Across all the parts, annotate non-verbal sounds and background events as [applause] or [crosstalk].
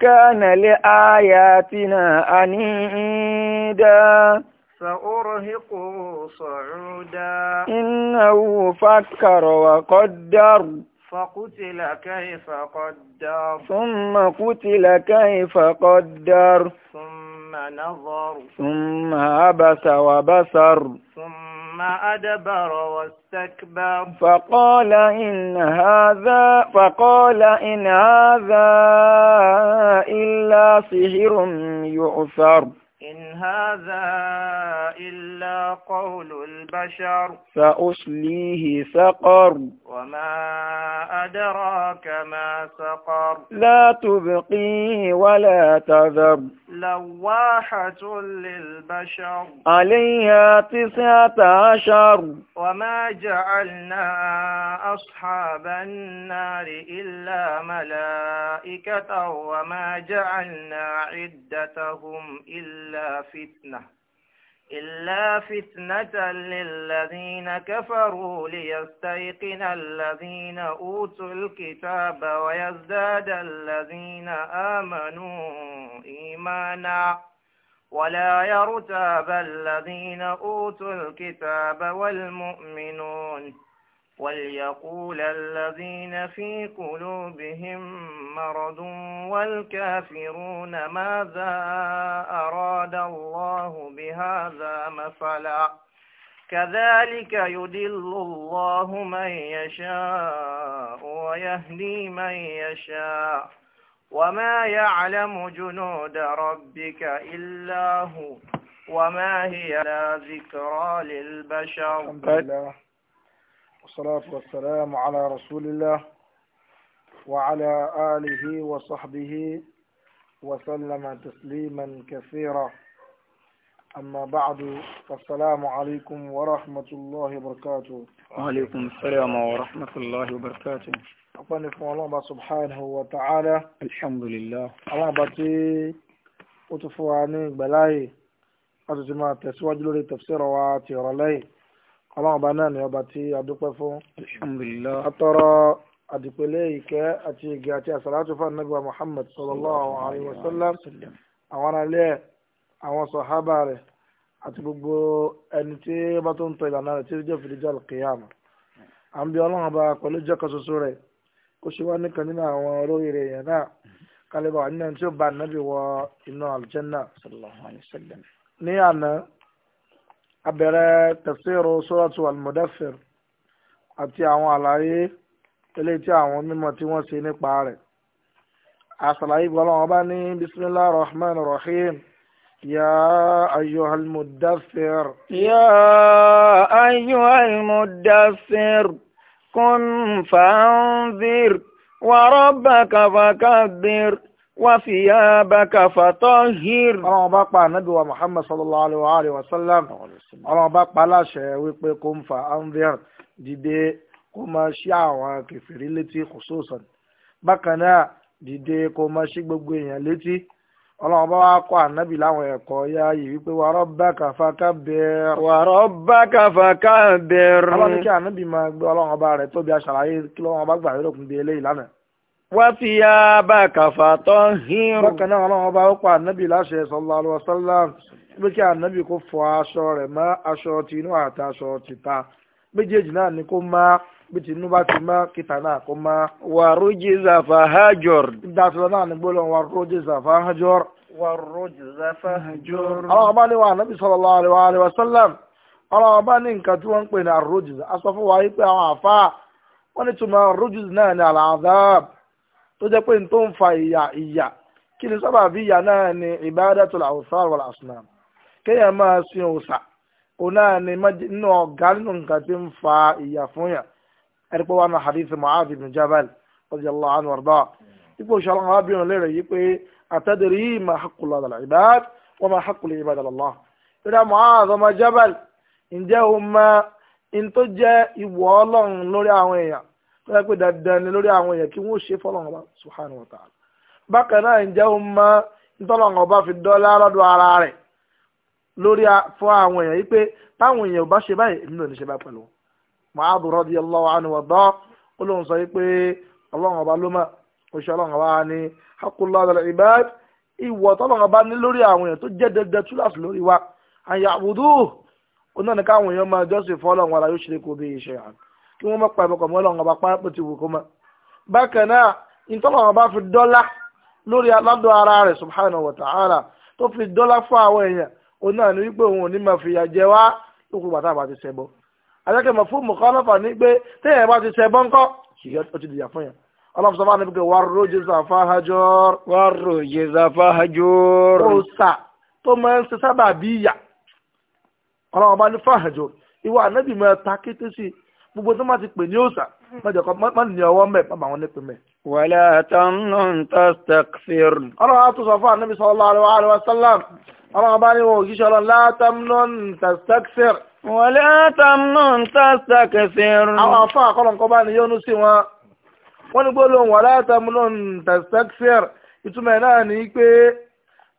كان لآياتنا أنيدا سأرهقه صعودا إنه فكر وقدر فقتل كيف قدر ثم قتل كيف قدر ثم نظر ثم عبس وبصر ثم ثم أدبر واستكبر فقال إن هذا فقال إن هذا إلا سحر يؤثر إن هذا إلا قول البشر سأصليه سقر وما أدراك ما سقر لا تبقيه ولا تذر لواحة للبشر عليها تسعة عشر وما جعلنا أصحاب النار إلا ملائكة وما جعلنا عدتهم إلا إلا فتنة إلا فتنة للذين كفروا ليستيقن الذين أوتوا الكتاب ويزداد الذين آمنوا إيمانا ولا يرتاب الذين أوتوا الكتاب والمؤمنون وليقول الذين في قلوبهم مرض والكافرون ماذا أراد الله بهذا مثلا كذلك يدل الله من يشاء ويهدي من يشاء وما يعلم جنود ربك إلا هو وما هي لا ذكرى للبشر الحمد لله والصلاة والسلام على رسول الله وعلى آله وصحبه وسلم تسليما كثيرا أما بعد فالسلام عليكم ورحمة الله وبركاته وعليكم السلام ورحمة الله وبركاته أقول لكم الله سبحانه وتعالى الحمد لله الله باتي أتفواني بلاي أتجمع تسواج لوري تفسير واتير لي ọlọ́run ọba náà ni ọba tí a dúpẹ́ fún. alhamdulillah. atọ́rọ àdìpẹ́lẹ́ ìkẹ́ àti ìgè àti àsàlátù fún anábìwá muhammad sallallahu alayhi wa sallam àwọn aráalé àwọn sọ̀hábà rẹ̀ àti gbogbo ẹni tí bá tó ń tọ ìlànà rẹ̀ tí ó jẹ́ fìdíjà kìyàmù. à ń bí ọlọ́run ọba pẹ̀lú jẹ́kọ̀ ṣoṣo rẹ̀ kó ṣe wá nìkan nínú àwọn olóríire yẹn náà kálíbà nínú tí ó bá abẹ̀rẹ̀ tafsiru suratu al-mudaththir àti àwọn àlàyé eléyìí tí àwọn mímọ̀ tí wọ́n ṣe nípa rẹ̀ àṣàlàyé gbọ́dọ̀ wọn bá ní bisimilah rahman rahim يا أيها المدثر يا أيها المدثر قم فانذر وربك فكبر wá fi yá bá kàfà tọ́hìr. ọlọ́run bá pa ànábì wa muhammad sallallahu alayhi wa sallam ọlọ́run bá pa aláṣẹ wípé kó ń fa anvir dìde kó máa ṣí àwọn kẹfìrí létí khususan bákan náà dìde kó máa ṣí gbogbo èèyàn létí ọlọ́run bá wá kọ́ ànábì láwọn ẹ̀kọ́ yá yìí wípé wa rabbaka fakabbir. wa rabbaka fakabbir. ọlọ́run kí ànábì máa gbé ọlọ́run ọba rẹ̀ tóbi aṣàlàyé kí وثيابك فطهر بكنا الله ọba ó pa ànábì láṣẹ sallallahu alaihi wasallam bí kí ànábì kó fọ aṣọ rẹ̀ mọ́ aṣọ tinú àti aṣọ tìta méjèèjì náà ni kó má bí tinú bá ti má kíta náà kó má. wàrújìzà fàhájọr. ìdásílẹ̀ náà ni gbọ́dọ̀ wàrújìzà fàhájọr. wàrújìzà fàhájọr. àwọn ọba ni wà ànábì sallallahu alaihi wasallam àwọn ọba ní nǹkan tí wọ́n ń pè ní àrújìzà aṣọ ní tó jẹ́ pé n tó ń fa ìyà ìyà kí ni sábà bí ìyà náà ni ibadatul awthar wal asnam kéèyàn máa sin òòṣà òun náà ni nínú ọ̀gá nínú nǹkan tí ń fa ìyà fún yàn ẹni pé wà ní hadith mu'adh ibn jabal radiyallahu anhu arda ipò ìṣọ́ àwọn arábìnrin lè rẹ̀ yí pé atadri ma haqqu Allah ala ibad wa ma haqqu al ibad ala Allah ìrẹ́ ọmọ jabal ǹjẹ́ o máa ń tó jẹ́ ìwọ ọlọ́run lórí àwọn èèyàn tó yẹ pé dandan ni lórí àwọn èèyàn kí wọ́n ṣe fọlọ́run ọba subhanahu wa ta'ala bákan náà ǹjẹ́ ó mọ ntọ́lọ́run ọba fi dọ́lá lọ́dọ̀ ara rẹ̀ lórí fún àwọn èèyàn yìí pé táwọn èèyàn ò bá ṣe báyìí èmi náà ní ṣe báyìí pẹ̀lú Mu'adh radiyallahu anhu wàdọ́ ó lóun sọ pé ọlọ́run ọba ló mọ̀ oṣù ọlọ́run ọba ni haqqullah ala al-ibad ọba ní lórí àwọn èèyàn tó jẹ́ dandan túláàsì lórí wa àyàwùdú ó náà káwọn èèyàn máa jọ́sìn fọ́lọ́run wala yushriku bihi shay'an kí wọ́n má pa ìbọ̀kọ̀ mọ́ ọlọ́run ọba pápá ti wù kó mọ́. bákan náà ìtọ́lọ́run ọba fi dọ́lá lórí aládọ́ ara rẹ̀ subhanahu wa ta'ala tó fi dọ́lá fún àwọn èèyàn òun náà ní wípé òun ò ní máa fìyà jẹ wá lókùn bàtà bá ti ṣẹbọ. àjẹkẹ́ mọ̀ fún mọ̀kànlọ́fà ní pé téèyàn bá ti ṣẹbọ ńkọ́ ṣìyẹ́ ó ti dìyà fún yàn. ọlọ́run sọ fún àwọn ẹnìkan wàrú jésù àfáhájọ́. wàrú jésù àfáhájọ́ gbogbo tó má ti pè ní òòsà mọ́jọ̀kọ́ hmm. má ní ọwọ́ mẹ́ bàbá wọn nípe mẹ́. wala tamnun tastakfir. ọlọ́run á tún sọ fún ànábì sallallahu alaihi wasallam ọlọ́run bá ní wọn òjíṣẹ́ ọlọ́run la tamnun tastakfir. wala tamnun tastakfir. àwọn afọ àkọlọ́nkọ́ bá ní yónú sí wọn wọ́n ní gbólóhùn wala tamnun tastakfir ìtumọ̀ náà ní pé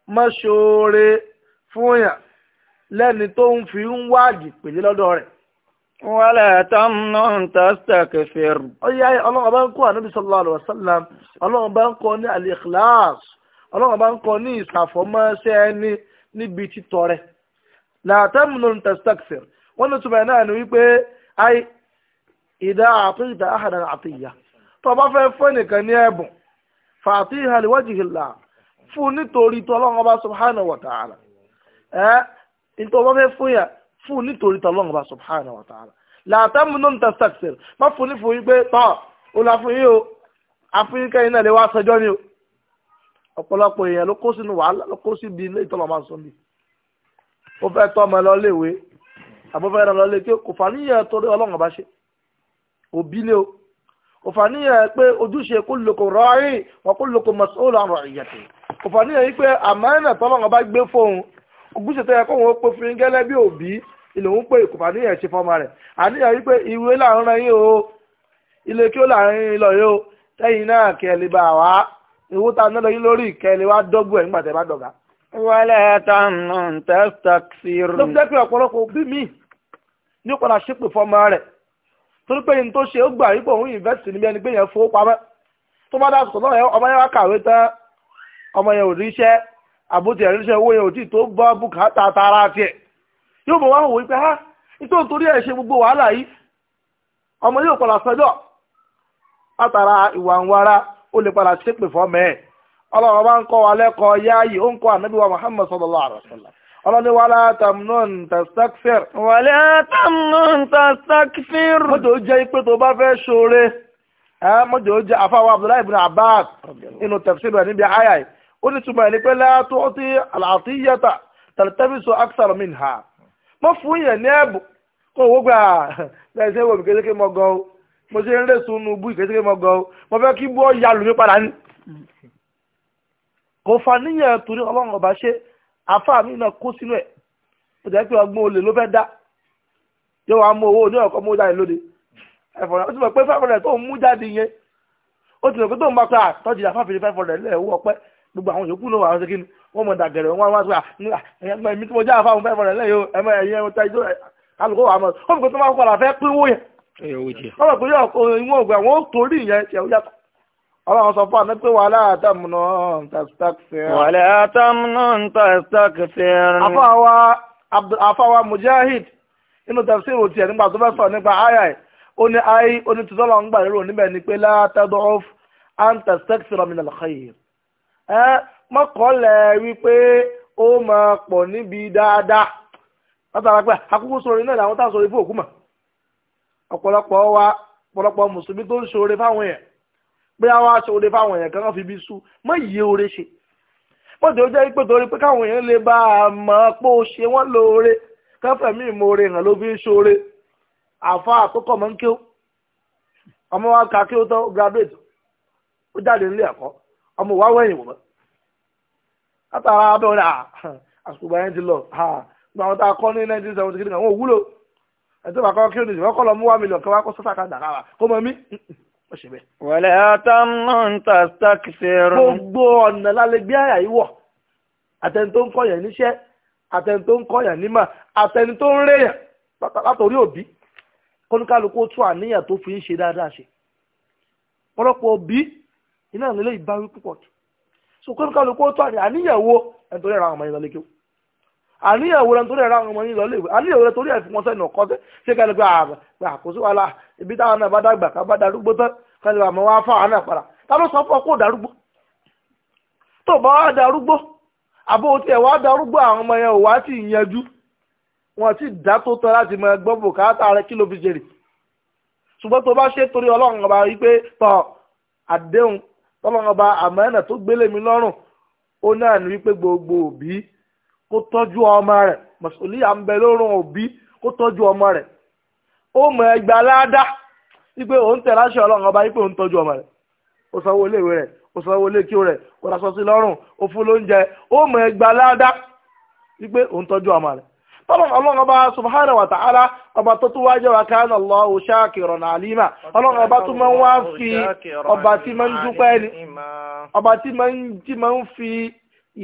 má ṣoore fún yàn lẹ́ni tó ń fi ń wáàgì pèlè wala tamnun tastakfir. ó yá ọlọ́run bá ń kọ́ ànábì sallallahu alaihi wasallam ọlọ́run bá ń kọ́ ní al-ikhlas ọlọ́run bá ń kọ́ ní ìsàfọ́mọ́ṣẹ́ ní níbi títọrẹ. la tamnun tastakfir wọ́n ní túmọ̀ náà ni wípé ay idha a'tayta ahadan atiyya tó o bá fẹ́ fún ẹnìkan ní ẹ̀bùn fa'tiha li wajhillah fún nítorí tó ọlọ́run fún un nítorí tọ́lọ́run ọba subhanahu wa ta'ala làtàmù ń ta má fún ní fún yín pé tọ́ ó la fún yín o àfún yín kẹ́yìn náà lè wá sọjọ́ ni o ọ̀pọ̀lọpọ̀ èèyàn ló kó sínú wàhálà ló kó síbi ilé ìtọ́lọ́ máa ń sọ mi ó fẹ́ tọ́ ọmọ lọ léwe àbúfẹ́ rẹ̀ lọ lé kí kò fà níyàn torí ọlọ́run ọba ṣe òbí lé o kò fà níyàn pé ojúṣe kullukum ra'in wa kullukum mas'ulun 'an ra'iyyatihi kò fà níyàn yìí pé àmọ́ ẹ̀nà tọ́lọ́run ọba ó pé fún yín gẹ́lẹ́ bí òbí ilé òun pé kò bá níyàn ṣe fọmọ rẹ̀ àníyàn wípé ìwé làwọn rẹ yín o ilé kí ó làwọn yín lọ yín o tẹ́yìn náà kẹ́lẹ́ bá wá owó tá a ná lọ yín lórí kẹ́lẹ́ wá dọ́gbọ̀ ẹ̀ nígbà tẹ́ bá dọ̀gá. wọlé tánù tẹ́sítàkìrì. ló fi jẹ́ pé ọ̀pọ̀lọpọ̀ bí mi ní ó padà fọmọ rẹ̀ torí pé ní tó ṣe ó gbà wípé òun invest níbi ẹni pé yẹn fowó tó bá dàsùkọ̀ yóò mọ̀ wá wò wípé ha nítorí torí ẹ̀ ṣe gbogbo wàhálà yìí ọmọ yóò padà sọ́jọ́ látara ìwà ń wara ó lè padà ṣépè fọ́mẹ́ ẹ̀ ọlọ́run bá ń kọ́ wa lẹ́kọ̀ọ́ yáàyè ó ń kọ́ ànábì wa Muhammad sallallahu alaihi wasallam ọlọ́ni wàlá tamnon tastakfir. wàlá tamnon tastakfir. mọ́jọ́ ó jẹ́ ipé tó bá fẹ́ ṣoore mọ́jọ́ ó jẹ́ àfáwọ́ Abdullahi ibn Abbas inú tafsir rẹ̀ níbi àyà ó ní túmọ̀ ẹ̀ ní pé látọ́ ti àlàáfíyàtà tàbí sọ akthar minha mo fún yẹn ní ẹ̀bùn kó owó gbà bẹ́ẹ̀ ṣe wò mí kékeré mọ́ gan o mo ṣe ń rèsùn nu bú ìkékeré mọ́ gan o mo fẹ́ kí bú ọ ya padà ní. kò fa níyàn torí ọlọ́run ọba ṣe àfáà mi náà kó sínú ẹ̀ ó jẹ́ pé ọgbọ́n olè ló fẹ́ dá yóò wá mú owó oníyànjú mú jáde lóde ẹ̀fọ̀n ó ti mọ̀ pé five hundred tó ń mú jáde yẹn ó ti mọ̀ pé tó ń bá pé àtọ́jú àfáàfin five hundred lẹ́ẹ̀ owó gbogbo àwọn yòókù náà wà á ṣe kí ni wọ́n mọ̀ dàgẹ̀rẹ̀ wọ́n wá sọ́yà ah, ah, ẹ̀mí tí mo já àfáwọn fẹ́ fọ́nrẹ̀ lẹ́yìn ẹ̀mọ ẹ̀yẹ ẹ̀mọ tẹ́jú kálukó wà mọ́ wọ́n mọ̀ pé tó máa padà fẹ́ pín owó yẹn wọ́n mọ̀ pé yọ ìwọ̀n ògbà wọn ó torí ìyẹn tiẹ̀ ó yàtọ̀ ọlọ́run sọ fún àmì pé wàhálà àtàmùnà tàṣtàkfẹ́r. wàhálà àtàmùnà tàṣtàkfẹ́r. afáwa afáwa mujahid inú tafsir tiẹ̀ nígbà tó fẹ́ sọ nípa ayà ẹ̀ ó ní ayé ó ní tìtọ́lọ́ ń gbà lérò níbẹ̀ ni pé látàdọ́f àǹtàṣtàkfẹ́r min al-khayr. ẹ mọ́kànlẹ̀ wípé ó máa pọ̀ níbi dáadáa látara pé akókó sọ̀rọ̀ náà làwọn tá a sọ̀rọ̀ fún òkú mà ọ̀pọ̀lọpọ̀ wa ọ̀pọ̀lọpọ̀ mùsùlùmí tó ń ṣoore fáwọn èèyàn pé àwa ṣoore fáwọn èèyàn kan fi bí sú mọ́ yìí oore ṣe wọ́n ti jẹ́ pé torí pé káwọn èèyàn lè bá a mọ̀ pé ó ṣe wọ́n lóore káfẹ́mí ìmoore hàn ló fi ń ṣoore àfa àkókò mọ́ ń kí ó ọmọ wa kà kí ó tán graduate ó jáde nílé ẹ̀kọ́ ọmọ wa wẹ̀yìn wọ̀ mọ́ látara abẹ́rẹ́ ah, àsùgbà yẹn ti lọ gba àwọn tá a kọ́ ní nineteen seventy three àwọn òwúlò ẹ̀tọ́ bá kọ́ kí o nìyí kọ́ lọ mú wá mílíọ̀n kí wọ́n kó sọ́sà ká dàkàrà kó mọ̀ mí. wọ̀lẹ̀ àtàmú ń ta stark fẹ́ràn. gbogbo ọ̀nà lálẹ́gbẹ́ àyà yìí wọ̀ àtẹni tó ń kọ̀yàn níṣẹ́ àtẹni tó ń kọ̀yàn nímọ̀ àtẹni tó ń rèèyàn látòrí òbí kóníkálukú tún àníyàn tó fi ń ṣe dáadáa ṣe. pọ́lọ́pọ̀ òbí iná ìlú ìbáwí púpọ̀ jù sùkúrú kálukú ó tọ́ àníyàwó ẹni torí ẹ̀rọ àwọn ọmọ yìí lọ lékiw àníyàwó ẹni torí ẹ̀rọ àwọn ọmọ yìí lọ léwu àníyàwó ẹni torí ẹ̀ fún wọn sẹ́nu ọ̀kọ́ sẹ́ ṣé kálukú àgbà àkóso wàhálà ibi táwọn náà bá dàgbà ká bá darúgbó tán kálukú àmọ́ wá fáwọn náà padà ta ló sọ fún ọ kó darúgbó tó bá wá darúgbó àbó tiẹ̀ wá darúgbó àwọn ọmọ yẹn ò tọ́lọ́run ọba àmánà tó gbélé mi lọ́rùn ó náà ní wípé gbogbo òbí kó tọ́jú ọmọ rẹ̀ mọ̀sùlùmí à ń bẹ lórun òbí kó tọ́jú ọmọ rẹ̀ ó mọ ẹgbàá ládàá wípé òun tẹ̀ láṣẹ ọlọ́run ọba wípé òun tọ́jú ọmọ rẹ̀ ó sanwó iléèwé rẹ̀ ó sanwó ilé kí ó rẹ̀ ó ra sọ lọ́rùn ó fún lóúnjẹ ó mọ ẹgbàá ládàá wípé òun tọ́jú ọmọ rẹ̀ tọ́lọ̀ ọlọ́run ọba subhanahu wa ta'ala ọba tó tún wá jẹ́ wa kana Allahu na alima ọlọ́run ọba tó máa ń wá fi ọba tí máa ń ọba fi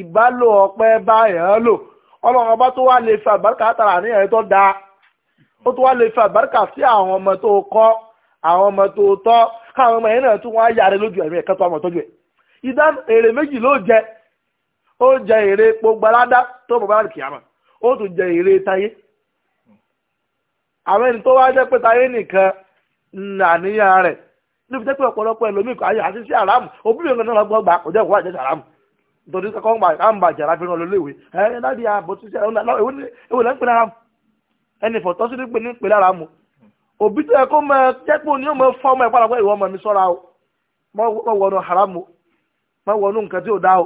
ìbálò ọpẹ bá èèyàn lò ọlọ́run ọba tó wá lè fi àbáríkà ní tó dáa ó tó wá lè fi àbáríkà sí àwọn ọmọ tó kọ́ àwọn ọmọ tó tọ́ káwọn ọmọ yẹn náà tún wá lójú ẹ̀mí ẹ̀kẹ́ tó wà ẹ̀ otu tún jẹ èrè táyé àwọn ẹni tó wá jẹ́ pé táyé nìkan àníyàn rẹ̀ níbi tẹ́ pé ọ̀pọ̀lọpọ̀ ẹlòmíì kò ayé àti sí àràmù obìnrin kan náà lọ́gbọ́n gbà kò jẹ́ ìwọ àjẹsà àràmù nítorí kọ́kọ́ ń bà á ń bà jàrá fi ràn lọ léwe ẹ láti àbọ̀ tó ṣe ẹwọ lẹ́ pè ẹni fọ̀tọ́ sí pè ní òbí tó yẹ kó mọ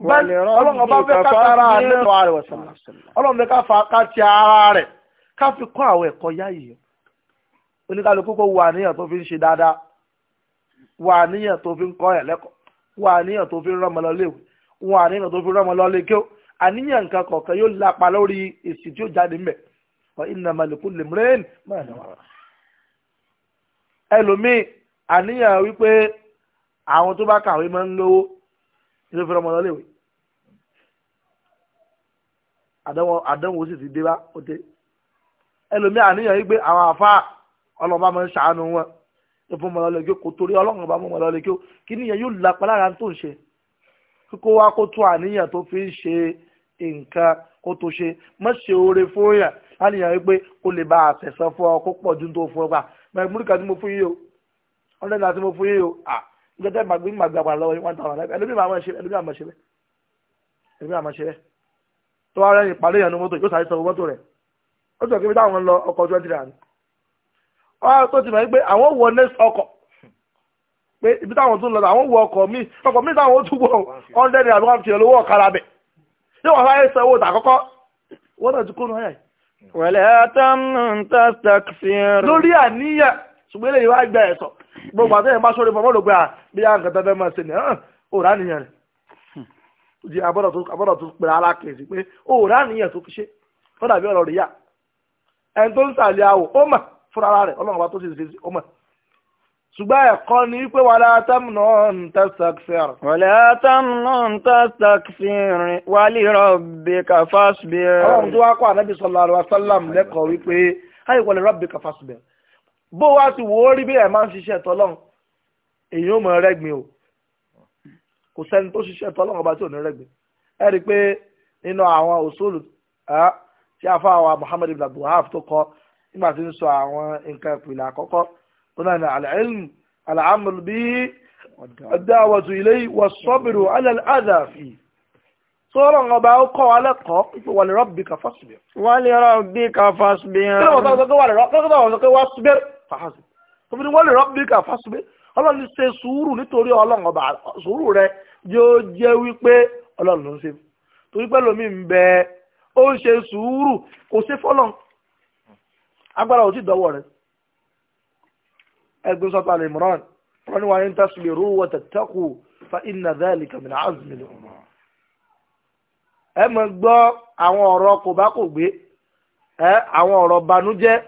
ọlọ́run ọba fẹ́ ká tara àlẹ́lọ́ ààrẹ wọ̀sán ọlọ́run fẹ́ ká fa ká ti ara rẹ̀ ká fi kọ́ àwọn ẹ̀kọ́ yáyìí oníkálukú kó wà níyàn tó fi ń ṣe dáadáa wà níyàn tó fi ń kọ́ ẹ̀ lẹ́kọ̀ọ́ wà níyàn tó fi ń rọ́mọ lọ léwu wà níyàn tó fi ń rọ́mọ lọ lé kéw àníyàn nǹkan kọ̀ọ̀kan yóò lápa lórí èsì tí ó jáde ńbẹ̀ ọ iná malùkù lèmrẹ́ẹ̀nì máa ẹlòmíì àníyàn wípé àwọn tó bá kàwé máa ń lówó ilé fẹ́ràn ọmọ lọ́lẹ́wẹ̀ àdánwò sì ti dé bá ó dé ẹlòmíì àníyàn yìí gbé àwọn àfa ọlọ́ba máa ń ṣàánú wọn ìfún ọmọ lọ́lẹ́ kí kò torí ọlọ́run ọba mọ́ ọmọ lọ́lẹ́ kí kí níyẹn yóò lápá lára tó ń ṣe kókó wá kó tún àníyàn tó fi ń ṣe nǹkan kó tó ṣe má ṣe oore fún yàn láníyàn wípé kó lè bá àṣẹ̀sán fún ọ kó pọ̀ ju tó fún ọ gbà mẹ́rin múlùkà tí mo fún yìí o ọ̀rẹ́dà ah gẹ́gẹ́ gbàgbé gbàgbé àpàlà lọ́wọ́ one thousand naira ẹlòmíì máa ṣe ẹlòmíì máa ṣe bẹ́ẹ̀ ẹlòmíì máa ṣe bẹ́ẹ̀ tó wá rẹ̀ ìpàdé ìyànnú mọ́tò yóò sáré sanwó mọ́tò rẹ̀ ó sọ pé táwọn lọ ọkọ̀ twenty naira ni ọ tó ti mọ̀ pé àwọn wọ next ọkọ̀ pé ibi táwọn tún lọ àwọn wọ ọkọ̀ míì ọkọ̀ míì táwọn tún wọ hundred naira one fifty lówó ọ̀kadà bẹ̀ yóò wá sáré sanwó ìtàkọ́kọ́ wọ́n náà ti kó nù ayà yìí. wẹ̀lẹ́ ṣùgbọ́n eléyìí wá gbẹ ẹ̀sọ̀ gbogbo àtẹ̀yìn bá sọ̀rọ̀ ìfọwọ́ lògbà ah, bí a nǹkan tẹ́fẹ́ máa ṣe ni òrà ah, nìyẹn rẹ̀ di abọ́dọ̀ tó pèrè alákèésí pé òrà nìyẹn tó fi ṣe ó dàbí ọ̀rọ̀ rẹ̀ yá ẹni tó ń sàlẹ̀ àwò ó mà fúnra rẹ̀ ọlọ́run bá tó ṣe ṣe ó mà ṣùgbọ́n ẹ̀kọ́ ni pé wàlá tamnà ń tastakfir. wàlá tamnà ń tastakfir wálé rọ̀bì kàfásbìr. ọlọ́run tó wá kọ́ ànábì sallallahu alaihi wasallam lẹ́kọ̀ọ́ wípé ayé wọlé rọ̀bì kàfásbìr. bó wá ti wò ó rí bí ẹ̀ máa ń ṣiṣẹ́ o kò sẹ́ni tó ṣiṣẹ́ tọ́lọ́n ọba tí ò ní rẹ́gbin ẹ rí pé nínú àwọn òṣòlù tí Muhammad ibn abdulhaf tó kọ nígbà tí ń sọ àwọn nǹkan ìpìlẹ̀ àkọ́kọ́ tó náà ní bi ọba ó kọ́ wa lẹ́kọ̀ọ́ kí ló wọ́n sọ pé fàásù tóbi ni wọ́n lè rọ́bì kà fàásù pé ọlọ́run ṣe sùúrù nítorí ọba sùúrù rẹ yóò jẹ́ wípé ọlọ́run ló ń ṣe torí pé lómi ń bẹ ó ń ṣe sùúrù kò ṣe fọlọ́n agbára ò tí dọ́wọ́ rẹ wa fa ẹ àwọn kò bá kò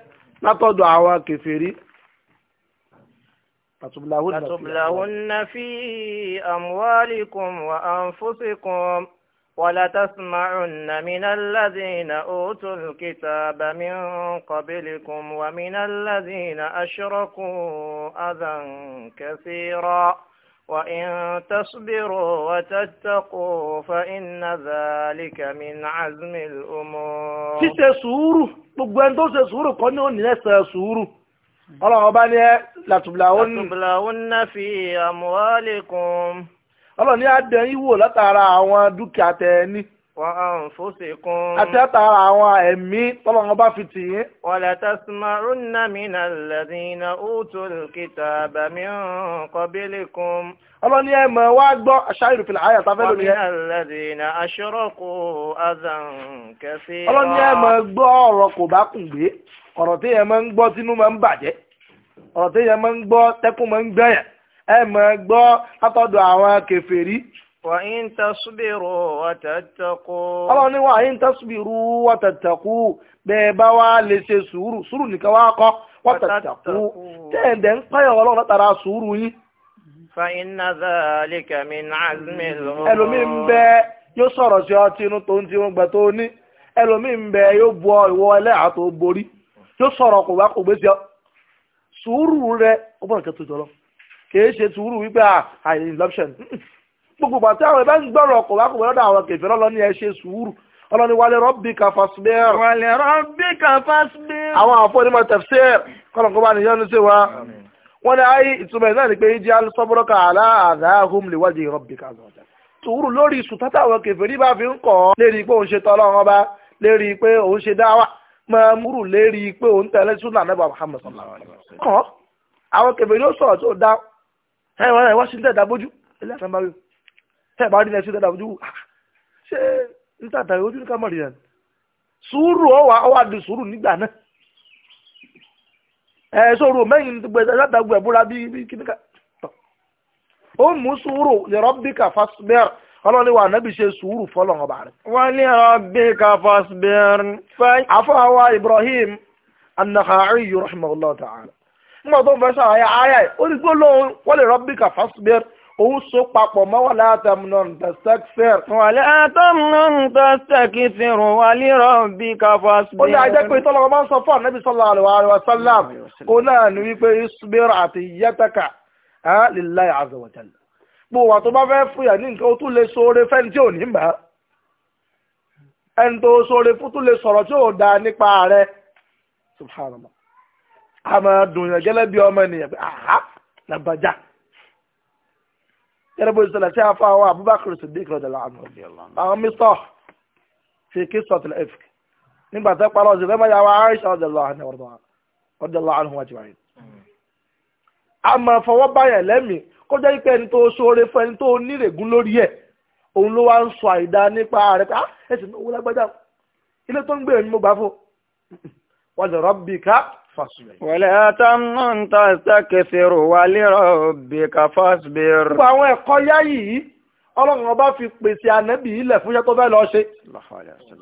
látọ̀dọ̀ àwọn kèfèrí. لتبلغن في أموالكم وأنفسكم ولتسمعن من الذين أوتوا الكتاب من قبلكم ومن الذين أشركوا أذى كثيرا وإن تصبروا وتتقوا فإن ذلك من عزم الأمور ṣíṣe sùúrù gbogbo ẹni tó ṣe sùúrù kan ní òní lẹ́sẹ̀ sùúrù ọlọ́run ọba ní ẹ làtùbìláwọ́n làtùbìláwọ́n fi àmúhálẹ̀kùn ọlọ́run ní adẹ́yìn wò látara àwọn dúkìá tẹ̀ ní wa anfusikum. àti àtàrà àwọn ẹ̀mí tọ́lọ́run bá fi tì yín. wala tasma'unna minal ladhina utul kitaba min qablikum. ọlọ́ni ẹ̀ mọ̀ wá gbọ́ aṣáájú fìlà àyà tá a fẹ́ lónìí. wa minal ladhina ashraku adhan kaseera. ọlọ́ni ẹ̀ mọ̀ gbọ́ ọ̀rọ̀ kò bá kùn gbé ọ̀rọ̀ tí yẹn máa ń gbọ́ tínú máa ń bàjẹ́ ọ̀rọ̀ tí yẹn máa ń gbọ́ tẹ́kùn máa ń gbẹ̀yẹ̀ ẹ̀ mọ̀ gbọ́ látọ̀dọ̀ àwọn kèfèrí وإن تصبروا وتتقوا الله ني وإن تصبروا وتتقوا بيبا والسي سورو سورو نكواقو وتتقوا تندن قيا والله ترى سورو فإن ذلك من عزم الأمور ẹlòmíì ń bẹ yóò sọ̀rọ̀ sí ọtí inú tó ń tí wọ́n gbà tó ní ẹlòmíì ń bẹ yóò bu ìwọ ẹlẹ́yà tó borí yóò sọ̀rọ̀ kò bá kò gbé sí ọ sùúrù rẹ ó bọ̀ nǹkan tó jọ lọ kì í ṣe sùúrù wípé à àìlè lọ́pṣẹ̀n gbogbo ìgbà tí àwọn ẹ̀bá ń gbọ́rọ̀ ọkọ̀ wá kò wọ́n lọ́dọ̀ àwọn kẹfẹ́ lọ́lọ́ ní ẹ ṣe sùúrù ọlọ́ni wálé rọ́bì kàfàṣbẹ́ẹ̀rù. wálé rọ́bì kàfàṣbẹ́ẹ̀rù. àwọn àfọ̀ onímọ̀ tafsir kọ́nà kó bá nìyẹn ní sí wọ́n ní ayé ìtumọ̀ ẹ̀ náà ni pé ìjì alùsọ́bọ̀rọ̀kà aláàdáhùn lè wájú ìrọ̀bì kàzọ̀jà. tùwúrù lórí ìsùtátà àwọn kèfèrí bá fi ń kọ́ lérí pé òun ṣe tọ́lọ́ wọn bá lérí pé òun ṣe dáwà máa múrù lérí pé òun tẹ̀lé súnà nàbà Muhammad àwọn kèfèrí ó sọ̀rọ̀ tó ń tẹ̀ tẹ́ bá rí lẹ́sùn dáadáa ojú ah, ṣé nítàtà ojú ní kámọ̀ rìnrìn sùúrù ọwà ọwà di sùúrù nígbà náà ẹ sọ̀rọ̀ mẹ́yìn gbèsè látàgbọ̀ ẹ̀búra bí kíníkà ó mú sùúrù lirabbika fasbir ọlọ́run ni wà nábì ṣe sùúrù fọlọ́n ọba rẹ̀. wa lirabbika fasbir. àfọwà Ibrahim an-Nakha'i rahimahullah ta'ala. nígbà tó ń fẹ́ sọ àyà àyà ó ní òun so papọ̀ mọ́ wà látàmùnà tẹ̀sẹ̀kfẹ́r. wà látàmùnà tẹ̀sẹ̀kfẹ́r wà lérò bí káfà síbẹ̀. ó ní ajẹ́ pé tọ́lọ́wọ́ máa ń sọ fún ànábì sọ́lá àlùwà sálàm kó náà ní wípé isbir àti yẹ́tẹ̀kà á lillahi azza wa tó bá fẹ́ fún yà ní nǹkan ó tún lè sóore fẹ́ni tí ò ní bá. ẹni tó sóore fún tún lè sọ̀rọ̀ tí ò da nípa rẹ̀ subhanallah. a máa dùn gẹ́gẹ́ bó ṣe ṣẹlẹ̀ sí afọ àwọn Abubakar Siddiq radiyallahu anhu àwọn mr fi kí sọ̀tìlẹ̀ ẹ̀fì nígbà tó parọ́ sí fẹ́mọ̀ yàwó Aisha radiyallahu anha radiyallahu anhu wọn fọwọ́ báyẹ̀ lẹ́mí kó jẹ́ pé ẹni tó ṣoore fún ẹni tó nírègún lórí ẹ̀ òun ló wá ń sọ àìdá nípa rẹ̀ pé ah, ẹ̀sìn owó lágbájá ilé tó ń gbé [laughs] fàṣùbẹ̀. wọ̀lẹ́ àtàmú ń ta sákẹsẹ̀rò wà lérò bìkà fàṣùbẹ̀rù. gbogbo àwọn ẹ̀kọ́ yá yìí ọlọ́run ọba fi pèsè ànẹ́bì ilẹ̀ fún iṣẹ́ tó fẹ́ lọ ṣe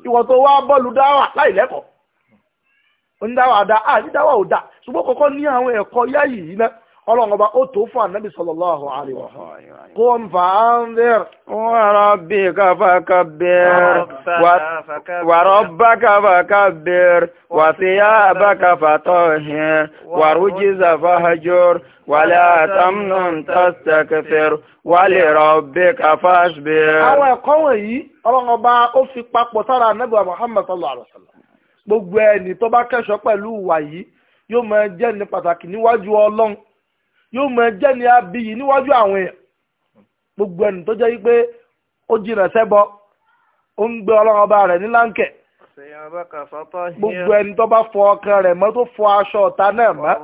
ìwọ̀n tó wá bọ́ọ̀lù dáwà láì lẹ́kọ̀ọ́ ń dáwà dá àti dáwà ò dá ṣùgbọ́n kọ́kọ́ ní àwọn ẹ̀kọ́ yá yìí náà ọlọ́run ọba ó tó fún ànábì sallallahu alaihi wa sallam kó ń fa anzir. wa rabbika fakabbir wa rabbaka fakabbir wa thiyabaka fatahhir wa rujza fahjur wa la tamnun tastakthir wa li rabbika fasbir. àwọn ẹ̀kọ́ wọ̀nyí ọlọ́run ọba ó fi papọ̀ sára ànábì Muhammad sallallahu alaihi gbogbo ẹni tó bá kẹ́sọ̀ pẹ̀lú ìwà yìí yóò máa jẹ́ ní pàtàkì níwájú ọlọ́run yóò mọ jẹ́ ní abiyì níwájú àwọn èèyàn gbogbo ẹni tó jẹ́ wípé ó jìnà sẹ́bọ ó ń gbé ọlọ́run ọba rẹ̀ ní láǹkẹ̀ gbogbo ẹni tó bá fọ ọkàn rẹ̀ mọ́ tó fọ aṣọ ọ̀tá náà mọ́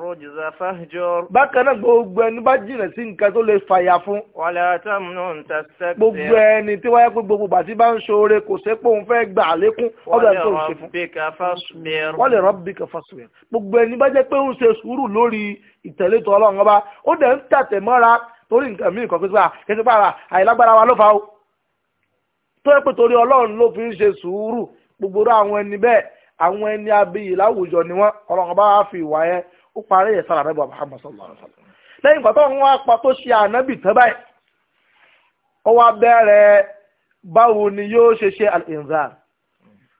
bákan náà gbogbo ẹni bá jìnà sí nǹkan tó lè fàyà fún gbogbo ẹni tí wáyé pé gbogbo bàtí bá ń ṣoore kò sí pé òun fẹ́ gbà àlékún ọ̀dọ̀ tó ń ṣe fún wọ́n lè rọ́bì kan fọ́sùmẹ́rù gbogbo ẹni bá jẹ́ pé ó ń ṣe sùúrù lórí ìtẹ̀lé tó ọlọ́run ọba ó dẹ̀ gbogbo àwọn ẹni bẹ́ẹ̀ àwọn ẹni abiyì láwùjọ ni wọ́n ọlọ́run bá fi ìwà yẹn ó parí ẹ̀ sára ànábì Muhammad sallallahu alaihi wasallam lẹ́yìn ìgbà tó ń wá pa tó ṣe ànábì tán báyìí ó wá bẹ̀rẹ̀ báwo ni yóò ṣe ṣe al-inzar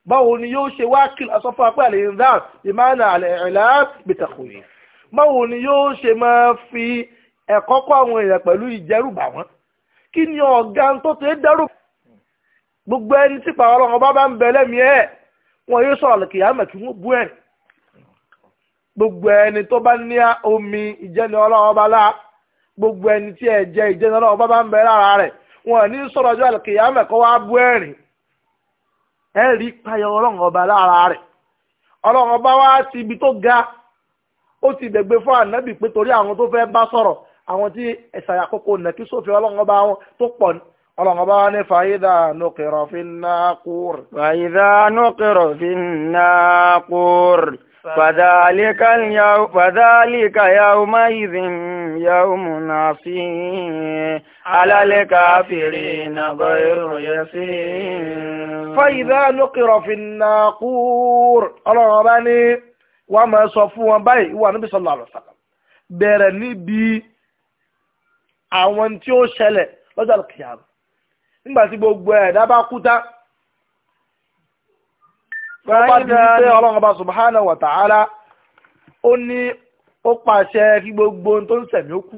báwo ni yóò ṣe wá kí aṣọ fún apẹ́ al-inzar ìmáàna al-i'lam bitakhwif báwo ni yóò ṣe máa fi ẹ̀kọ́ kọ́ àwọn èèyàn pẹ̀lú ìjẹ́rùbà gbogbo ẹni tí pàwọn ọlọ́run bá bá ń bẹ lẹ́mìí ẹ̀ wọn yóò sọ̀rọ̀ lókè àmọ̀ kí wọ́n bú ẹ̀ gbogbo ẹni tó bá ní omi ìjẹni ọlọ́run ọba lá gbogbo ẹni tí ẹ jẹ ìjẹni ọlọ́run ọba bá ń bẹ lára rẹ̀ wọn ní sọ̀rọ̀ ọjọ́ àlùkìyàmẹ̀ kọ́ wá bú ẹ̀rìn ẹ rí payọ ọlọ́run ọba lára rẹ̀ ọlọ́run ọba wá sí ibi tó ga ó ti ọlọ́ngọba ní fàyídà nùkìrọ̀ fi náàkúr. fàyídà nùkìrọ̀ fi náàkúr. فذلك يومئذ يوم عصير على الكافرين غير يسير فإذا نقر في الناقور ọlọ́run ọba ní wọ́n máa sọ fún wọn báyìí wà níbi sọ́lá àlọ́sàkà bẹ̀rẹ̀ níbi àwọn tí ó ṣẹlẹ̀ lọ́jọ́ àlùkìyàmù nígbà tí gbogbo ẹ̀dá bá kú tá ọba ti ní subhanahu wa ta'ala ó ní ó pàṣẹ kí gbogbo ohun tó ń sẹ̀mí ó kú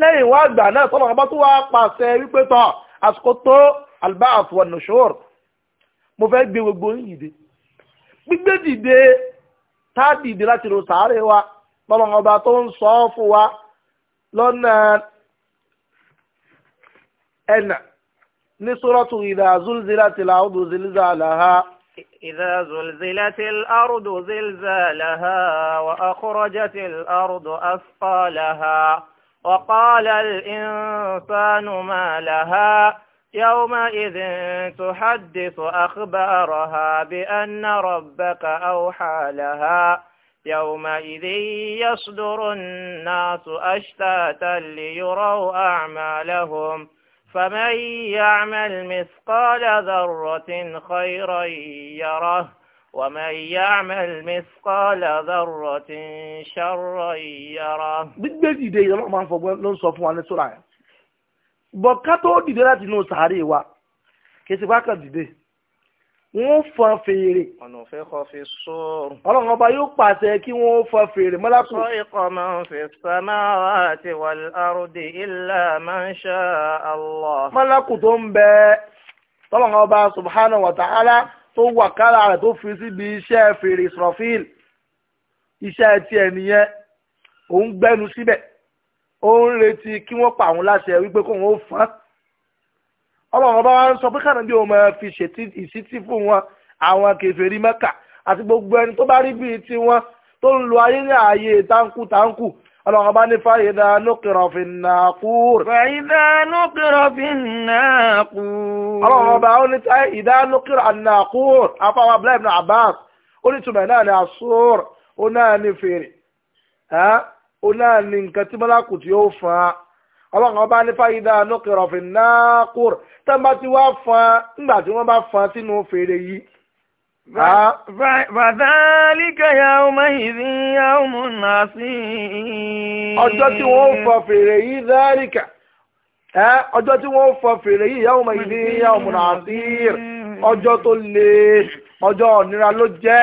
lẹ́yìn wá àgbà náà tọ́lọ́run ọba tó wá pàṣẹ wípé tọ́ àsìkò tó alba'ath wa nushur mo fẹ́ gbé gbogbo yín dìde gbígbé dìde tá dìde láti ro sàárè wa tọ́lọ́run ọba tó ń sọ fún wa lọ́nà ẹ̀nà ní إذا زلزلت الأرض زلزالها إذا زلزلت الأرض زلزالها وأخرجت الأرض أثقالها وقال الإنسان ما لها يومئذ تحدث أخبارها بأن ربك أوحى لها يومئذ يصدر الناس أشتاتا ليروا أعمالهم فمن يعمل مثقال ذرة خيرا يره ومن يعمل مثقال ذرة شرا يره gbígbé dìde yìí lọ́wọ́ máa ń fọwọ́ ló ń sọ fún wa ní sọ́ra yẹn bọ̀ ká tó dìde láti inú sàárè wa kì í ṣe wákàtí dìde wọ́n fọn fèrè. ọ̀nà òfin kọ́ fi sóòrùn. ọlọ́run ọba yóò pàṣẹ kí wọ́n fọn fèrè mọ́lákù. sọ ikọ̀ máa ń fi samawati wal ardi illa man sha Allah. mọ́lákù tó ń bẹ tọ́lọ́run ọba subhanahu wa ta'ala tó wà kára rẹ̀ tó fi síbi iṣẹ́ fèrè Israfil iṣẹ́ tiẹ̀ nìyẹn òun gbẹ́nu síbẹ̀ ó retí kí wọ́n pa àwọn láṣẹ wípé kóun ó fọ́n ọlọ́run ọba wa ń sọ pé kànáà bí òun máa fi ìṣítí fún wọn àwọn kèfèrí mẹ́kà àti gbogbo ẹni tó bá rí bíi tiwọn tó ń lo ayé ní ààyè táǹkù táǹkù ọlọ́run ọba ní fàyèdà nókèrọ̀ fi nàkúr. fàyèdà nókèrọ̀ fi nàkúr. ọlọ́run ọba ó ní táyé ìdá nókèrọ̀ nàkúr afáwọn abdullahi ibn abbas ó ní tùmẹ̀ náà ní asúr ó náà ní fèrè ó náà ní nǹkan tí mọ́lákùtì yóò fún un. ọlọ́run ọba ní fáyidá nukirọ̀ fi náàkùr tó ń bá ti wá fan nígbà tí wọ́n bá fan sínú fèrè yìí. Fàdálíkà ya ọmọ ìdí ya ọmọ náà sí. Ọjọ́ tí wọ́n fọ fèrè yìí dálíkà. Ọjọ́ tí wọ́n fọ fèrè yìí ya ọmọ ìdí ya ọmọ náà sí. Ọjọ́ tó le, ọjọ́ ìnira ló jẹ́.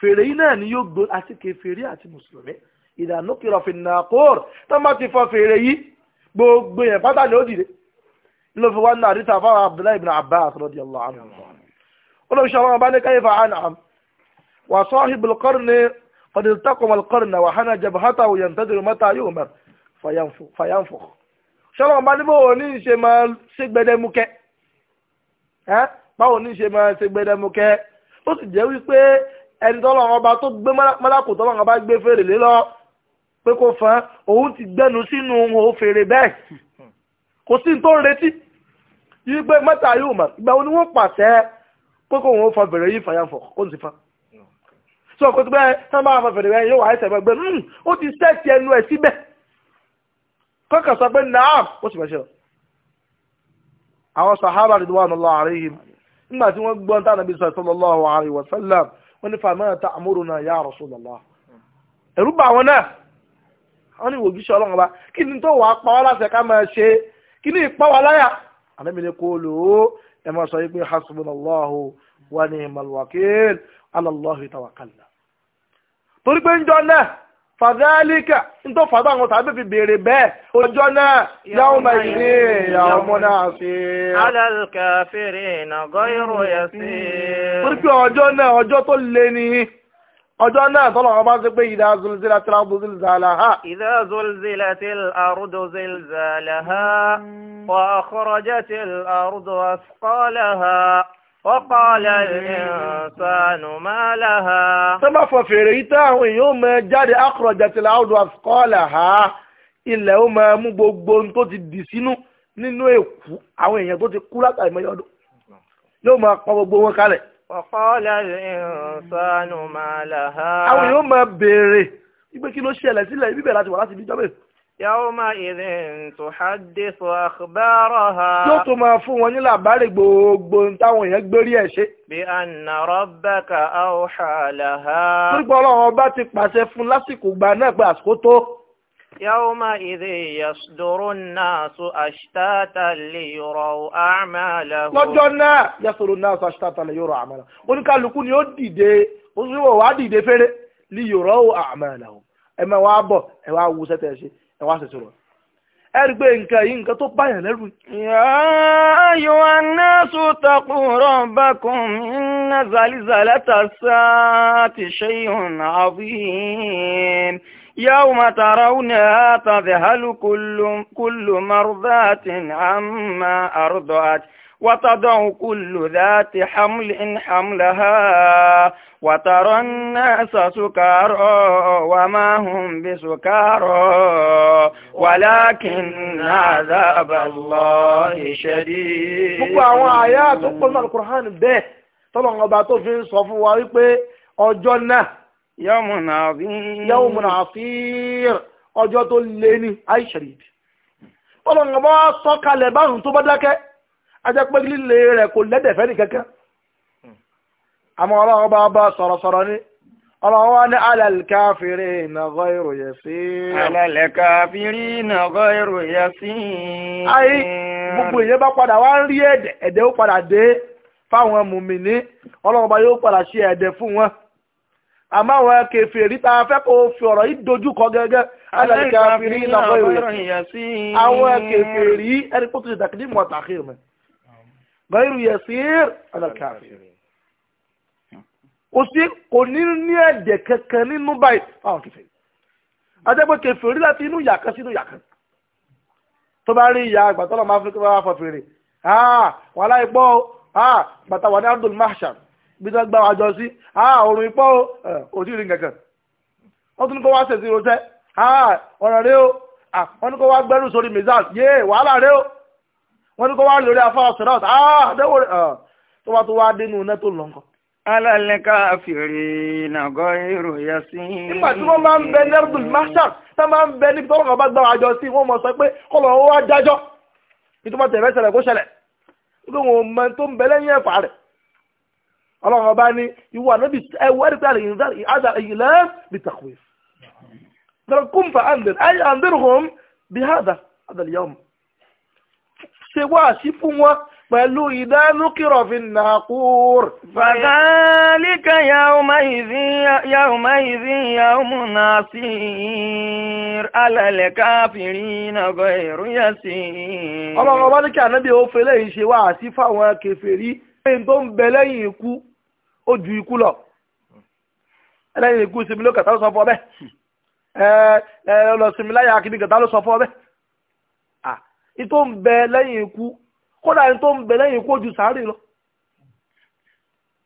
fèrè yìí náà ni yóò gbó àti kèfèrí àti mùsùlùmí ìdánúkìrọ̀ fìnnàkóòr tó má ti fọ fèrè yìí gbogbo yẹn pátá ni ó dìde ló fi wá ní àdìsá fáwọn abdullahi ibn abbas radiyallahu anhu olóòṣù àwọn ọba ní káyífà anam wà sahibul qarni qad iltaqama al-qarna wa hana jabhatahu yantadiru mata yu'mar fayanfukh ṣọlọ́n bá níbo ò ní ṣe máa ṣe gbẹdẹmukẹ́ báwo ní ṣe máa ṣe gbẹdẹmukẹ́ ó sì jẹ́ wípé ẹni ọba tó gbé mọ́lákù ọba gbé fèrè lé lọ pé kò fọ́n òun ti gbẹ́nu sínú òun fèrè bẹ́ẹ̀ kò sí tó ń retí yìí pé mẹ́ta yóò mọ̀ ìgbà wo ni wọ́n pàṣẹ pé kò wọ́n fọ bẹ̀rẹ̀ yìí kó n sì fa sọ kò tó bẹ́ẹ̀ bá fọ bẹ̀rẹ̀ yóò ẹsẹ̀ gbẹ hmm, ó ti sẹ́ẹ̀tì ẹnu ẹ̀ síbẹ̀ kọ́kà sọ pé ó sì fẹ́ àwọn sàhábà wọ́n ní fàmọ́ ta amúrúnà ya Rasulullah ẹ̀rú bá wọn náà wọ́n ní ìwòjíṣẹ́ ọlọ́run ọba kí ni tó wàá pa wá láṣẹ ká máa ṣe kí ni ìpá wa láyà àlẹ́mi ni kò lò ó ẹ máa sọ pé hasbunallahu wa ni'mal wakil ala Allahi torí pé ń jọ náà fàdálíkà tó fàdá àwọn tàbí fi béèrè bẹ́ẹ̀ ọjọ́ náà yàwó máa yìí ní ìyàwó mọ́ náà fi. alálùkà fèrè ìnàgọ́ ìrò yẹ sí. pípẹ́ ọjọ́ náà ọjọ́ tó le ni ọjọ́ náà tọ́lọ̀ ọba ń sọ pé ìdá zulzila tí láàrùdó zilzala ha. ìdá zulzila tí láàrùdó zilzala ha. wà á kọ́rọ̀jẹ́ tí láàrùdó asqalaha. Ọ̀pọ̀lẹ̀ ìrìnsànù máa láha. Tó bá fọ̀ fèrè yìí tán àwọn èèyàn ó mọ jáde akọ̀rọ̀jẹ̀tìlá ọdún àkọọ́lẹ̀ ha. Ilẹ̀ ó máa mú gbogbo ohun tó ti dì sínú nínú èkú àwọn èèyàn tó ti kú látàrí mọ́yọ́ ọdún. Yóò máa pa gbogbo wọn kalẹ̀. Ọ̀pọ̀lẹ̀ ìrìnsànù máa láha. Àwọn èèyàn ó máa يومئذ تحدث أخبارها yóò tún máa fún wọn ní làbárè gbogbo táwọn èèyàn gbérí ẹ̀ ṣe. bí anna rabbaka awha laha. torí pé ọlọ́run ọba ti pàṣẹ fún lásìkò gba náà pé àsìkò tó. يومئذ يصدر الناس أشتاتا ليروا أعمالهم. lọ́jọ́ náà يصدر الناس أشتاتا ليروا أعمالهم. oníkàlùkù ni ó dìde ó sì wọ̀ wá dìde fẹ́rẹ́ ليروا أعمالهم. ẹ máa wá bọ̀ ẹ wá wú sẹ́tẹ̀ ṣe. ẹwà ṣètò rẹ̀ ẹ̀rí pé nǹkan yìí nǹkan tó báyàn lẹ́rù. Ya ayyuhan nasu taqu rabbakum inna zalzalata saati shay'un azim. يوم ترونها تذهل كل, كل مرضات عما أرضعت وتضع كل ذات حمل حملها وترى الناس سكارى وما هم بسكارى ولكن عذاب الله شديد gbogbo àwọn àyà tó pọ̀ nínú alukur'an bẹ́ẹ̀ tọ́lọ́n ọba tó fi ń sọ fún wa wípé ọjọ́ náà yawmun asir ọjọ́ tó lé ní aishadid tọ́lọ́n ọba sọ̀kalẹ̀ bárùn tó àmọ́ ọlọ́run bá bá sọ̀rọ̀sọ̀rọ̀ ní ọlọ́run wá ní alàlìkáfìrí ìnàgọ́ ìròyẹ̀ sí alàlìkáfìrí ìnàgọ́ ìròyẹ̀ sí ayé gbogbo ìyẹn bá padà wá ń rí ẹ̀dẹ̀ ẹ̀dẹ̀ ó padà dé fáwọn mùmìnì ọlọ́run bá yóò padà ṣe ẹ̀dẹ̀ fún wọn àmọ́ àwọn kèfèrí tá a fẹ́ fi ọ̀rọ̀ yìí dojú kọ gẹ́gẹ́ alàlìkáfìrí ìnàgọ́ ìròyẹ̀ sí àwọn kèfèrí ẹni pọ́tù kò sí kò ní ní ẹ̀jẹ̀ kankan nínú báyìí fáwọn kẹfẹ́ adẹ́gbẹ́ kẹfẹ́ orí láti inú yàkan sínú yàkan tó bá rí ìyá àgbà tọ́lọ̀ máa fi kí wọ́n fọ fèrè wọn aláìpọ́ bàtà wà ní Abdul Mahshar bí wọ́n gbá àjọ sí ah, òrùn ìpọ́ eh, òtí rí kankan wọ́n tún ní kó wá sẹ̀sì rọ́ṣẹ́ ah, ọ̀rọ̀ rẹ o ah, wọ́n ní kó wá gbẹ́rù sórí mizal yé wàhálà rẹ o wọ́n ní kó wá lórí afọ́ ọ̀sẹ̀ náà tó wá tó wá dénú iná tó lọ́nkàn alálẹ́kàfìrí nàgọ́ èrò yẹ sí. nígbà tí wọ́n máa ń bẹ nẹ́rùdùn mashal tá máa ń bẹ níbi tọ́lọ́mọ bá gbára jọ sí wọ́n mọ̀ sọ pé kọ́lọ̀ ó wá dájọ́ ìtumọ̀ tẹ̀fẹ́ ṣẹlẹ̀ kó ṣẹlẹ̀ nígbà wọn mọ tó ń bẹ lẹ́yìn ẹ̀fà rẹ̀ ọlọ́run ọba ní ìwọ ànábì ẹwọ́ ẹ̀rí pé àdà ìlẹ́ bí tàkùn dọ̀kùn fà àndìr ayé àndìr hùm bí hàdà àdàlìyàwó ṣe wá sí fún wọn pẹ̀lú ìdánúkìrọ̀ fi nàkúr. fàdálíkà yàwùmá ìdí yàwùmú náà sí alẹ́lẹ̀ káfìrí náà gọ yà sí. ọlọ́run ọba ní kí ànábì ó fẹ́ lẹ́yìn wá sí fáwọn kèfèrí lẹ́yìn tó ń bẹ lẹ́yìn ikú ó ju ikú lọ lẹ́yìn ikú sinmi ló kàtà ló sọ fún ọ ẹ ẹ lọ sinmi láyà kìnnìkan tá ló sọ fún ọ bẹ́ẹ̀ ìtò ń bẹ lẹ́yìn ikú kódà ní tó ń bẹ lẹ́yìn ikú ojú sàárè lọ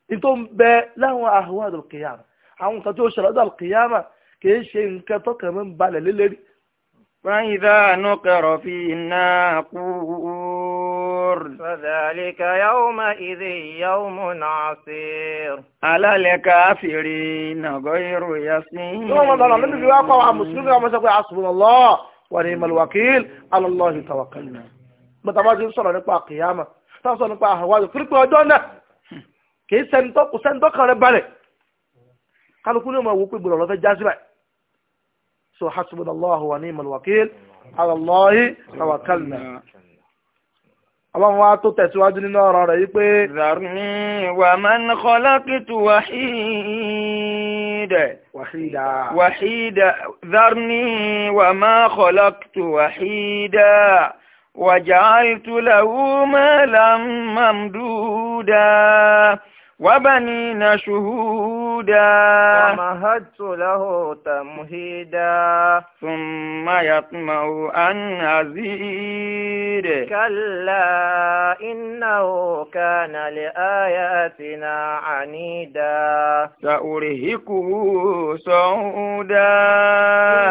ní tó ń bẹ láwọn àhùwà àdàlùkìyàmà àwọn nǹkan tó ṣẹlẹ̀ àdàlùkìyàmà kì í ṣe nǹkan tó kàn ń balẹ̀ lélẹ́rí. فإذا نقر في الناقور فذلك يومئذ يوم عسير على الكافرين غير يسير يوم الله النبي يقع على المسلمين وما يقول حسبنا الله ونعم الوكيل على الله توكلنا bàtàbá ti ń sọ̀rọ̀ nípa àkìyàmà tá a sọ nípa àhàwáyò torípé ọjọ́ náà kì í sẹ́ńtọ́ kò sẹ́ńtọ́ kan rẹ balẹ̀ kálukú ní ọmọ wo pé gbọdọ̀ lọ́fẹ́ já síbẹ̀ so hasbunallahu wa ni'mal wakil ala Allahi tawakkalna àwọn wa tó tẹ̀síwájú nínú ọ̀rọ̀ وجعلت له مالا ممدودا وبنين شهودا ومهدت له تمهيدا ثم يطمع أن أزيد كلا إنه كان لآياتنا عنيدا سأرهقه سعودا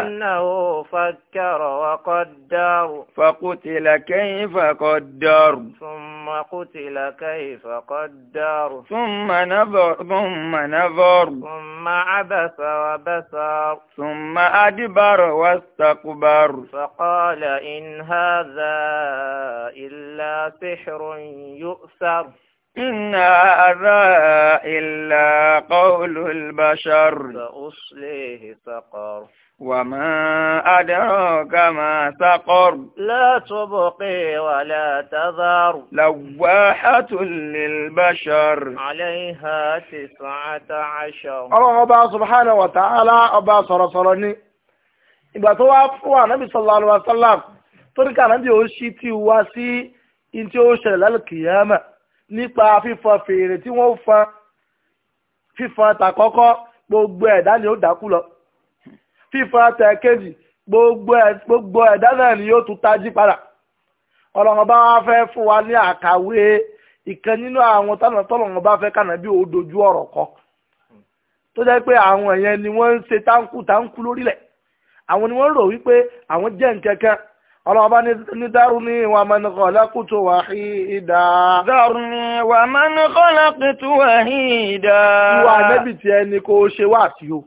إنه فكر وقدر فقتل كيف قدر ثم قتل كيف قدر ثم ثم نظر ثم نظر ثم عبس وبسر ثم أدبر واستكبر فقال إن هذا إلا سحر يؤثر إن هذا إلا قول البشر سأصليه سقر وما أدراك ما سقر لا تبقي ولا تذر لواحة للبشر عليها تسعة عشر الله أبا سبحانه وتعالى أبا سرسرني ìgbà tó wá fún ànábì sallallahu alaihi wasallam tó ní ká ànábì ó ṣí tí wá sí in tí ó ṣẹlẹ̀ lálùkìyàmà fífa tẹ̀kejì gbogbo ẹ̀dá náà ni yóò tún tají padà ọlọ́run bá wá fẹ́ fún wa ní àkàwé ìkan nínú àwọn tọ́nà tọ́lọ́run bá fẹ́ kànáà bí ó dojú ọ̀rọ̀ kọ tó jẹ́ pé àwọn èèyàn ni wọ́n ń ṣe táǹkù táǹkù lórílẹ̀ àwọn ni wọ́n rò wípé àwọn jẹ́ nkankan ọlọ́ọ̀bá ní dárúní wà máa ń kọ́ lákùtù wà hí ìdá. dárúní wà máa ń kọ́ lákùtù wà hí ìdá. ìwà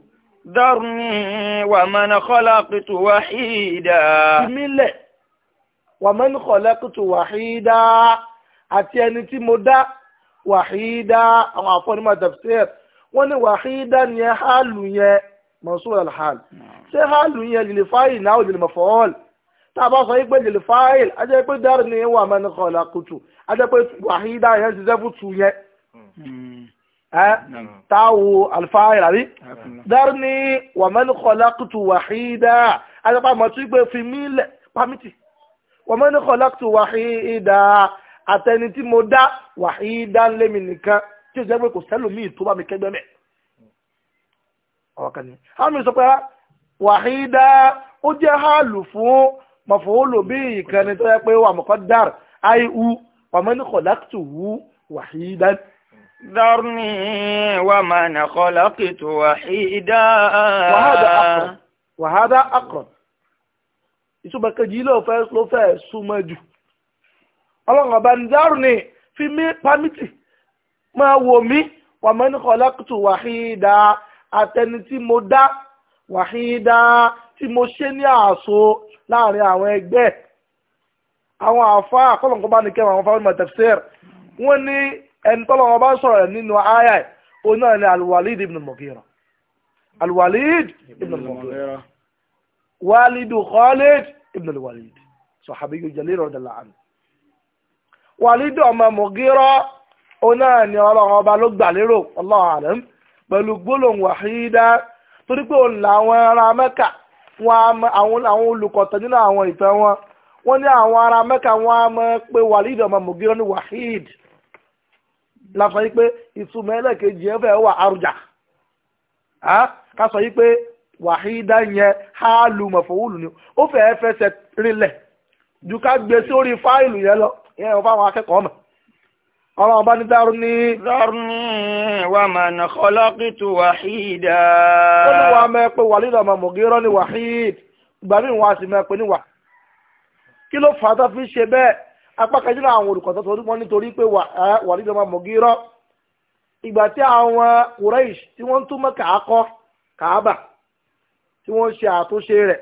ذرني ومن خلقت وحيدا ìmílẹ̀ ومن خلقت وحيدا àti ẹni tí mo dá wàhídá àwọn àfọ́nímọ̀ tafsir wọ́n ní wàhídá ni ẹ hálù yẹn mansour alhal hmm. ṣé hálù yẹn lil fa'il náà ò lil maf'ul tá a bá sọ pé lil fa'il a pé darni wa man khalaqtu a jẹ́ pé wàhídá yẹn ṣiṣẹ́ fún tu yẹn. Hmm táwo alfáàrà rí dární wàmán kọlákùtù wàhídá àtàpá mọ̀tún pé fi mí lẹ̀ pàmìtì wàmán kọlákùtù wàhídá àtẹni tí mo dá wàhídá lémi nìkan tí ó jẹ́ pé kò sẹ́lòmíì tó bá mi kẹ́gbẹ́ mẹ́. ọ̀kan ni àmì sọ pé wàhídá ó jẹ́ hàlù fún mọ̀fọ́wọ́lò bí ìkànnì tó yẹ pé wà mọ̀kọ́ dàr àìhù wàmán kọlákùtù wù wàhídá. ذرني ومن خلقت وحيدا وهذا أقرب وهذا أقرب ìṣùgbà kejì ló fẹ́ ló fẹ́ súnmọ́ jù ọlọ́run ọba ní dárùn ní fi mí pamítì máa wò mí wà mọ́ ní kọ́lákùtù wàhídà àtẹni tí mo dá wàhídà tí mo ṣe ní àṣọ láàrin àwọn ẹgbẹ́ àwọn àfa àkọlọ́nkọ́ bá ní kẹwàá àwọn fáwọn mọ̀tẹ́fẹ́r wọ́n ní ẹni tọ́lọ́ wọn bá sọ̀rọ̀ rẹ̀ nínú àyà òun náà ni alwalid ibn mugira alwalid ibn mugira walidu khalid ibn alwalid sahabiyu jalil radiyallahu anhu walidu ọmọ mugira òun náà ni ọlọ́run ọba ló gbà lérò Allahu alam pẹ̀lú gbólóhùn wàhídá torí pé òun làwọn ará mẹ́kà wọn àwọn olùkọ̀tọ̀ nínú àwọn ìtàn wọn wọ́n ní àwọn ará mẹ́kà wọn á mọ̀ pé wàlídì ọmọ mùgírọ́ ní wàhídì lásọ yìí pé ìtumọ̀ ẹlẹ́kejì ẹ̀fẹ̀ wà arújà ká sọ yìí pé wàhídá yẹn háàlù mọ̀fọ́wùlù ni ó fẹ́ẹ́ fẹsẹ̀ rinlẹ̀ ju ká gbé sórí fáìlù yẹn lọ ìyẹn wọn fáwọn akẹ́kọ̀ọ́ mọ̀ ọlọ́run bá ní dárú ní. dárú ní wà máa nà kọ́lọ́kìtù wàhídá. ó ní wàá mẹ́ pé wàlídà ọmọ mọ̀gírọ́ ní wàhíd ìgbà míì wọn a sì mẹ́ pé ní wà kí ló fà á tó fi ṣe bẹ́ẹ̀ apá kan nínú àwọn olùkọ́ tó wọ́n nítorí pé Walid ọmọ Mugira ìgbà tí àwọn Quraysh tí wọ́n ń túmọ̀ kàákọ́ kàábà tí wọ́n ṣe àtúnṣe rẹ̀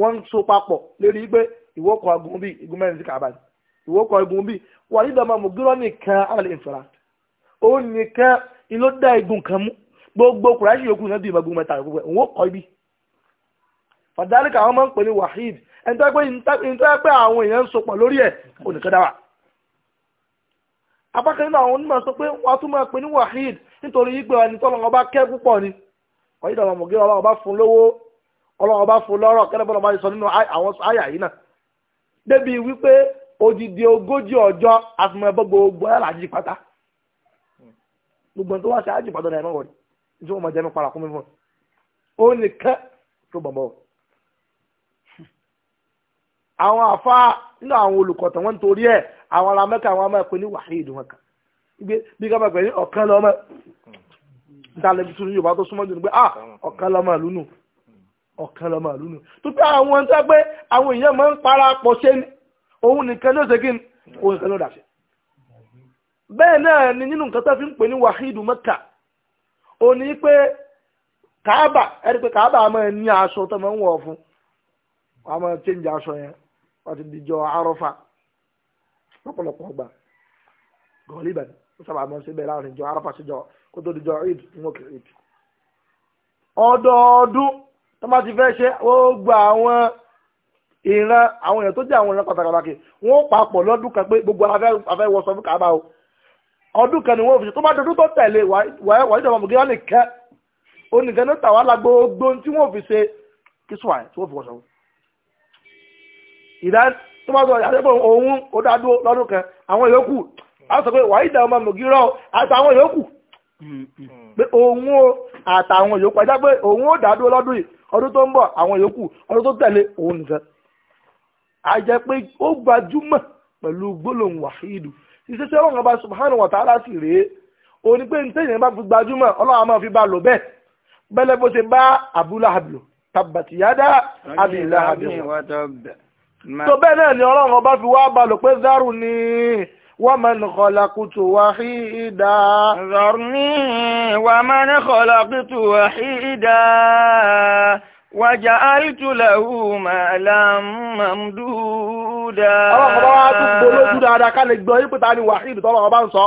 wọ́n ń so papọ̀ lérí pé ìwọ́kọ̀ agun bíi igun mẹ́rin sí kàábà ìwọ́kọ̀ igun bíi Walid ọmọ Mugira nìkan alẹ́ ìfura ó nìkan ìló dá igun kan mú gbogbo Quraysh yòókù náà bí ìmọ̀ mẹ́ta yòókù ibi fàdálíkà àwọn máa ń pè ní ẹni tó yẹ pé àwọn èèyàn ń sopọ̀ lórí ẹ̀ ndị apákan nínú àwọn onímọ̀ sọ pé wọ́n tún máa pè ní wahid nítorí yígbẹ́ ẹni tó lọ́wọ́ bá kẹ́ púpọ̀ ni ọ̀yìn dàgbà mọ̀gí ọlọ́wọ́ ọba fún lówó ọlọ́wọ́ bá fún lọ́rọ̀ kẹ́lẹ́ bọ́lọ́ bá sọ nínú àwọn àyà yìí náà. débi wípé odidi ogójì ọjọ́ àfihàn ẹbọ gbogbo pátá gbogbo àwọn àfa nínú àwọn olùkọ̀tàn wọn torí ẹ̀ àwọn ará mẹ́ka àwọn ọmọ ẹ̀kọ́ ní wàhíìdì wọn kan bí ká bá pẹ̀lú ọ̀kan lọ́mọ ìtàlẹ́bí tún yorùbá tó súnmọ́ jù ní pé ah ọ̀kan lọ́mọ lúnù ọ̀kan lọ́mọ lúnù tó pé àwọn ń sọ pé àwọn èèyàn máa ń para pọ̀ ṣe ni òun nìkan ló ṣe kí ni òun nìkan ló dàṣẹ. bẹ́ẹ̀ náà ni nínú nǹkan tó fi ń pè ní wàhíìdì mẹ́ka ò pé káàbà ẹni pé káàbà máa ní aṣọ tó máa ń wọ̀ fún wọn máa ń change aṣọ yẹn wọ́n ti dijọ́ arọ́fà lọ́pọ̀lọpọ̀ ọgbà gọ̀ọ́lì ìbàdàn ó sábà máa ń ṣe bẹ́ẹ̀ láàrin ìjọ arọ́fà síjọ kó tó dijọ́ eid ń òkè eid. ọdọọdún tó bá ti fẹ́ ṣe ó gba àwọn ìran àwọn èèyàn tó jẹ́ àwọn ìran pàtàkì wọ́n papọ̀ lọ́dún kan pé gbogbo afẹ́ wọ sọ fún kàbá o ọdún kan ni wọ́n fi ṣe tó bá dọdún tó tẹ̀lé wàá ìjọba mọ̀gí wọn nìkan onìkan ló ìdán tó bá sọ àṣẹ pé òun ó dá dúró lọ́dún kan àwọn yòókù á sọ pé wàá ìdá ọmọ mògírọ àtàwọn yòókù mm-hmm. pé òun ó àtàwọn yòókù àjá pé òun ó dá dúró lọ́dún yìí ọdún tó ń bọ̀ àwọn yòókù ọdún tó tẹ̀lé òun nìkan àjẹ pé ó gbajúmọ̀ pẹ̀lú gbólóhùn wàhídù ìṣẹ́ṣẹ́ ọ̀rọ̀ ọba subhanahu wa ta'ala sì rèé òní pé nítẹ̀yìn bá fi gbajúmọ̀ ọlọ́run máa fi bá lò bẹ́ẹ̀ bẹ́lẹ́ bó ṣe bá Abu Lahab tàbàtìyádá àbí ìlà tó bẹ́ẹ̀ náà ni ọlọ́run ọba fi wá balò pé zaru ni wa man khalaqtu wahida. zarni wa man khalaqtu wahida. وجعلت له مالا ممدودا ọlọ́run bá wá tún gbọ́ lójú dáadáa ká lè gbọ́ yípo ta ni wàhíìdì tọ́lọ́run bá ń sọ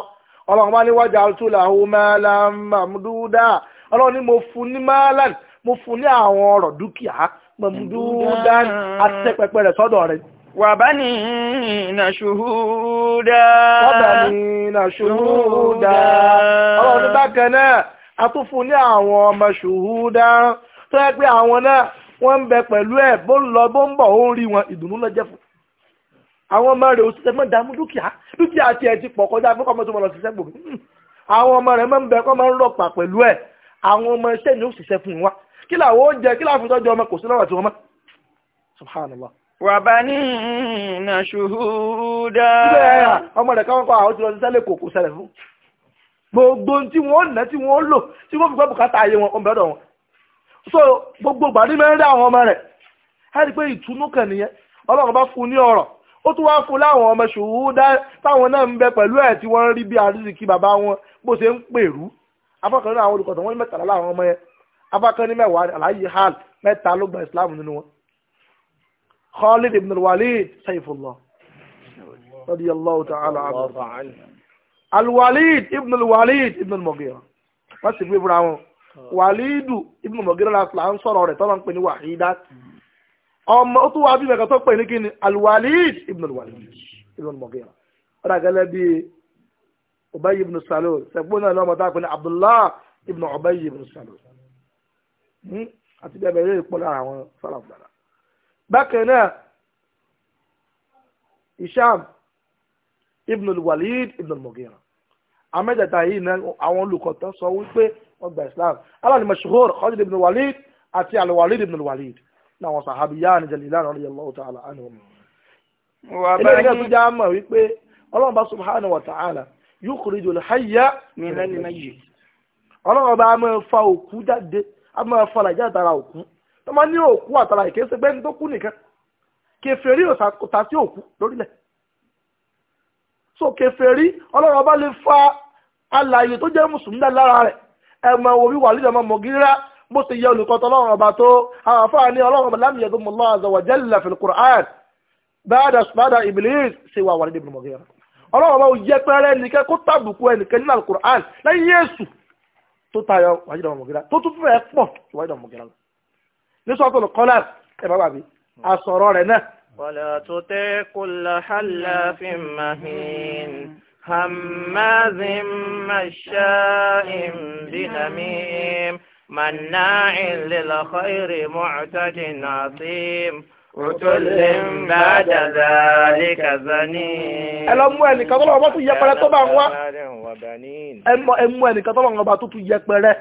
ọlọ́run bá ní وجعلت له مالا ممدودا ọlọ́run ni mo fún ní máàlán mo fún ní àwọn ọ̀rọ̀ dúkìá mọ̀mùdúdán àti pẹpẹ rẹ̀ sọ́dọ̀ rẹ̀. wà bá ní ìnà ṣùhúdá. wà bá ní ìnà ṣùhúdá. ọlọ́run bákan náà a tún fún ní àwọn ọmọ ṣùhúdá tó yẹ pé àwọn náà wọ́n ń bẹ pẹ̀lú ẹ̀ bó ń lọ bó ń bọ̀ ó ń rí wọn ìdùnnú lọ jẹ́ fún. àwọn ọmọ rẹ̀ ò sì tẹ́gbọ́n dààmú dúkìá dúkìá tiẹ̀ ti pọ̀ kọjá fún kọ́mọ mọ̀ lọ sí sẹ́gbòmí. Hmm. àwọn ọmọ rẹ̀ máa ń bẹ kọ́ ń rọ̀pà pẹ̀lú ẹ̀ àwọn ọmọ iṣẹ́ ni ó ṣiṣẹ́ fún wa kí làwọn ó jẹ kí làwọn fi tọ́jú ọmọ kò sí lọ́rọ̀ tí wọ́n mọ́ subhanallah. wàbá ní ìnà ṣùhúdà. bẹ́ẹ̀ ọmọ rẹ̀ káwọn kọ́ àwọn tí wọ́n ti sẹ́lẹ̀ kò kò sẹ́lẹ̀ fún. gbogbo tí wọ́n ná tí wọ́n lò tí wọ́n fi gbọ́ bùkátà ayé wọn ọmọ wọn. so gbogbo gbàdí mẹ́rin dá àwọn ọmọ rẹ̀ á rí i pé ìtùnú kan nìyẹn ọlọ́run bá fún ní ọ̀rọ̀ ó tún wáá fún láwọn ọmọ ṣùhúdà táwọn náà ń bẹ pẹ̀lú ẹ̀ tí wọ́n rí bí àrísìkí bàbá wọn bó ṣe ń pèrú afọ́kànlá olùkọ́tàn wọ́n mẹ́tàlá láwọn ọmọ yẹn abakan ní mẹ́wàá aláyí hal mẹ́ta ló gba islam nínú wọn khalid ibn al-walid sayfullah radiyallahu ta'ala anhu al-walid ibn al-walid ibn al-mughira wọ́n sì gbé búra wọn walidu ibn al-mughira la ń sọ̀rọ̀ rẹ̀ tọ́lọ́ ń pè ní wàhídá ọmọ ó tún wá bí mẹ́ka tó pè ní kíni al-walid ibn al-walid ibn al-mughira ó dàgẹ́lẹ́ bíi ubayi ibn salul sẹ́gbọ́n lọ́mọdé àpẹẹrẹ abdullah ibn ubayi ibn salul Hmm? àti bẹ́ẹ̀ bẹ́ẹ̀ pọ̀ lára àwọn sálàfù dáadáa. bákan náà isham ibn al-walid ibn al-mughira amẹ́jẹta yìí náà àwọn olùkọ́ tán sọ wípé wọ́n gba islam aláàlú mashhur khalid ibn al-walid àti al ibn walid náà wọn sàhábíyá ni jalilá radiyallahu ta'ala anhum. ilé ìgbà tó já mọ̀ wípé ọlọ́run bá subhanahu wa ta'ala yukhrijul hayya minal mayyit ọlọ́run bá máa fa òkú jáde a máa fọlá ìjà àtàrà òkú tó máa ní òkú àtàrà ìkéṣe pé ní tó kú nìkan kèfèrí kò ta sí òkú lórílẹ̀ so kèfèrí ọlọ́run ọba lè fa alàyè tó jẹ́ mùsùlùmí dá lára rẹ̀ ẹ̀mọ̀ òbí wà lílẹ̀ ọmọ mọ̀gírá bó ti yẹ olùkọ́tọ̀ ọlọ́run ọba tó àwọn afáà ní ọlọ́run ọba lámìyẹ tó mọ̀ lọ́wọ́ àzọwọ̀ jẹ́lẹ̀ fil Qur'an báadà báadà Iblis ṣe wà wàlídẹ̀ ibn mọ̀gírá ọlọ́run ọba yẹ pẹ́rẹ́ nìkan kó tàbùkù ẹnìkan nínú al-Qur'an lẹ́yìn Jésù tó tayọ wàjídà ọmọ gíga tó tún fẹ́ pọ̀ wàjídà ọmọ gíga lọ. ní sọ́kùn kọ́lá ẹ̀ bá bàbí àsọ̀rọ̀ rẹ̀ náà. wala tuti kulla hallafin mahin hammazin masha'in binamim manna'in lil khairi mu'tadin 'asim. Òtòlẹ́m bá dàdà lè kàzà ní. Ẹlọ́mú ẹnìkan tọ́lọ́wọ́ bá tún yẹpẹrẹ tó bá ń wá. Ẹmú ẹnìkan tọ́lọ́wọ́ bá tún yẹpẹrẹ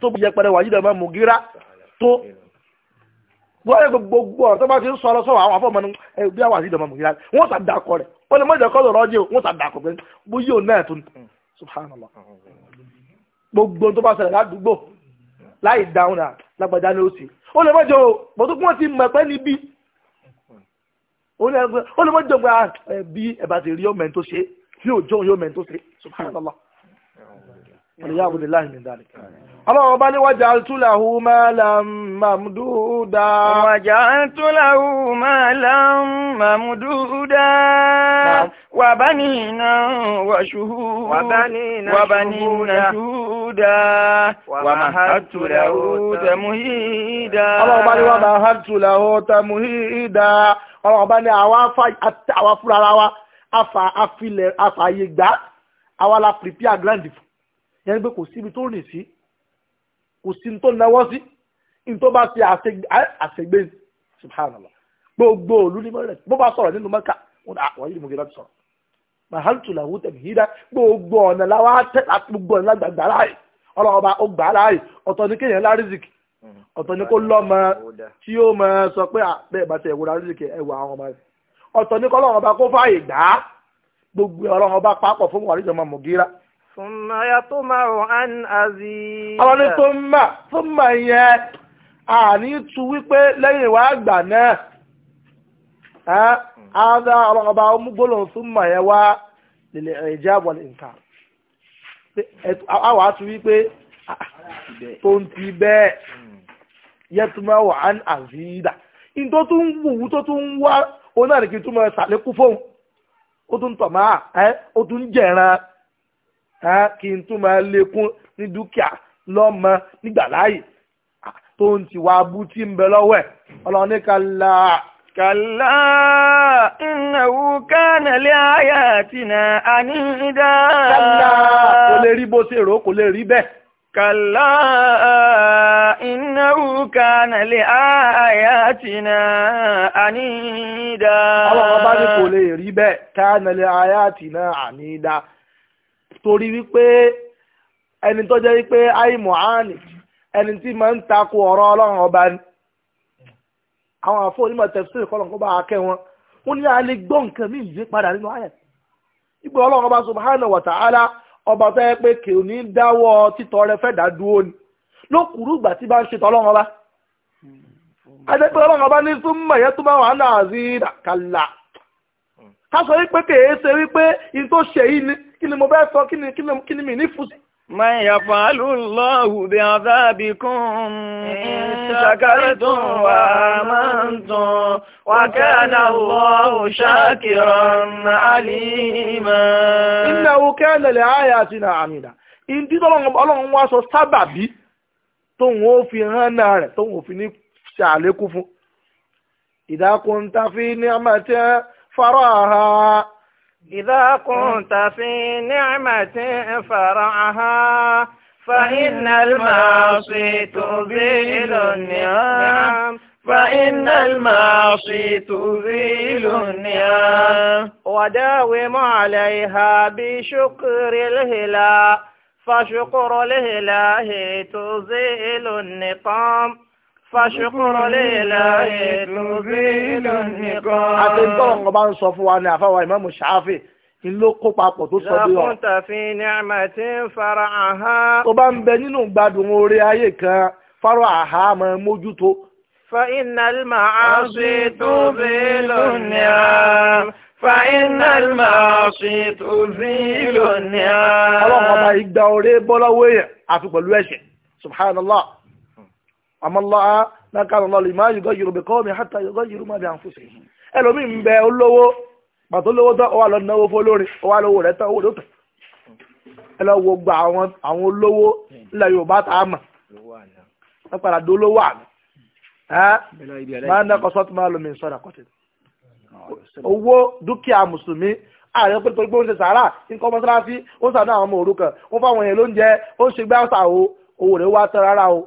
tó bú yẹpẹrẹ wà yídọ̀ mọ́ Mùgírà tó. Wọ́n yẹ gbogbo ọ̀rọ̀ tó bá ti ń sọ ọ sọ́wọ́ àwọn Subhanallah. Gbogbo tó bá ṣẹlẹ̀ ládùúgbò láì dáhùn náà lágbàjá ni ó sì. Ó lè mọ́jọ bọ̀tún kí wọ́n ó ní mọ́jọ́gba ah, ẹbí ẹ̀bá ti rí ọmọ ẹ̀ tó ṣe bí òjò yóò mẹ́ tó ṣe subhanallah ọ̀lẹ́yà àbúdé láì ní dáre. ọlọ́run bá ní wájà túláhù máa làm màmúdúdá. wájà túláhù máa làm màmúdúdá. wà bá ní iná wàṣúhù. wà bá ní iná ṣúdá. wà máa túláhù tẹ̀múhídá. ọlọ́run bá ní wà máa túláhù tẹ̀múhídá. ọlọ́run bá ní àwa fúnra wa afa afilẹ̀ afa yegba àwa la prepare grand yẹn pé kò síbi tó rìn sí kò sí ní tó náwó sí ní tó bá ṣe àṣegbè subhanallah gbogbo òlu ní mọ́rẹ̀ bó bá sọ̀rọ̀ nínú mẹ́ka ah, wọn àwọn yìí mọ̀gẹ́dá ti sọ̀rọ̀ màhálùtù làwọn tẹ̀mí yìí dá gbogbo ọ̀nà làwọn àtẹ àti gbogbo ọ̀nà lágbàgbà láàyè ọlọ́ọ̀ba ó gbà láàyè ọ̀tọ̀ ní kéèyàn lárízìkì ọ̀tọ̀ ní kó lọ́mọ tí ó mọ sọ pé ah, bẹ́ẹ̀ bá ti ẹ̀wò lárízìkì ẹ̀wò àwọn ọmọ rẹ̀ ọ̀tọ̀ ní kọ́ ọlọ́ọ̀ba kó fààyè gbà gbogbo ọlọ́ọ̀ba pápọ̀ fún wàrí Súnmáyà tó máa rọ̀ án àzí. Àwọn ní tó mà tó mà yẹn àní tu wípé lẹ́yìn ìwà àgbà náà. Ádá ọ̀rọ̀ ọba omúgbólóhùn súnmà yẹn wá lè ẹ̀jẹ̀ àbọ̀lì nǹkan. Àwọn àtu wípé tó ń ti bẹ́ẹ̀ yẹ tó máa rọ̀ án àzí dà. kí n tún máa lékún ní dúkìá lọ́mọ nígbà láàyè tó ń ti wá abú tí ń bẹ lọ́wọ́ ẹ̀ ọlọ́run ní kàlá. kàlá ìnáwó kánàlẹ́ àyà tìǹà ànídá. kàlá kò lè rí bó ṣe rò kò lè rí bẹ́ẹ̀. kàlá ìnáwó kánàlẹ́ àyà ànídá. torí wípé ẹni tó jẹ́ wípé àìmọ̀ áàní ẹni tí ma ń takò ọ̀rọ̀ ọlọ́run ọba ni àwọn àfọ onímọ̀ tẹ̀síìrì kọ́lọ̀ kó bá a kẹ́ wọn wọn ní a lè gbọ́ nǹkan mí yí padà nínú ayẹ̀ ìgbà ọlọ́run ọba subhanahu wa ta'ala ọba pé ní dáwọ́ ọba kí ni mo bẹ́ sọ kí ni kí ni kí ni mi ní fún sí. máa yà fàálù lọ́hù bí àdábì kún ṣàkàrí tó wà máa ń tàn wà kẹ́ẹ̀nà lọ́hù ṣàkìrán àlìmọ́. iná o kẹ́ẹ̀nà lè àyà àti ìnà àmì ìdí ọlọ́run wá sọ sábàbí tóun ó fi hàn náà rẹ̀ tóun ò fi ní ṣàlékún fún ìdákùntàfin ní àmàtẹ́ faraha. إذا كنت في نعمة فرعها فإن المعصي تزيل النعم فإن المعصي تزيل النعم وداوم عليها بشكر الهلا فشكر الإله تزيل النقام Fàṣùkúrò lè láàyè tó bí ìlú nìkan. Àti tọ́lọ̀ ń bá ń sọ fún wa ní àfáwà ìmáàmù Ṣáfì ló kó papọ̀ tó sọ bí wọn. Lọ́kùntà fi ní àmàtí ń fara àhá. Tó bá ń bẹ nínú gbádùn orí ayé kan, fárọ̀ àhá máa mójútó. Fa innal ma'asi tuzilu ni'am. Fa innal ma'asi tuzilu ni'am. Ọlọ́run ọba ìgbà orí bọ́lọ́wọ́ èèyàn àfi pẹ̀lú ẹ̀ṣẹ̀. Subhanallah àmọ́ lọ́wọ́ náà kánú lọ́lọ́ ìmọ̀ ayùgọ́ yorùbá kọ́ mi hàtà ayùgọ́ yorùbá bí àǹfọ̀sì ẹlòmíì ń bẹ olówó pàtó lówó tán ó wà lọ náwó fólórin ó wà lówó rẹ tán owó lótò ẹ lọ wo gba àwọn àwọn olówó ilẹ̀ yorùbá tá a mọ̀ wọ́n padà dó olówó àná máa ń dákọ̀ sọ́tún máa lomi sọ́dà kọ́tì owó dúkìá mùsùlùmí ààrẹ pé torí pé ó ń ṣe sàárà nǹkan mọ́sálásí ó sàdá àwọn ọmọ òrukàn ó fáwọn èèyàn lóúnjẹ ó ń ṣe gbáǹsà owó rẹ̀ wá tán rárá o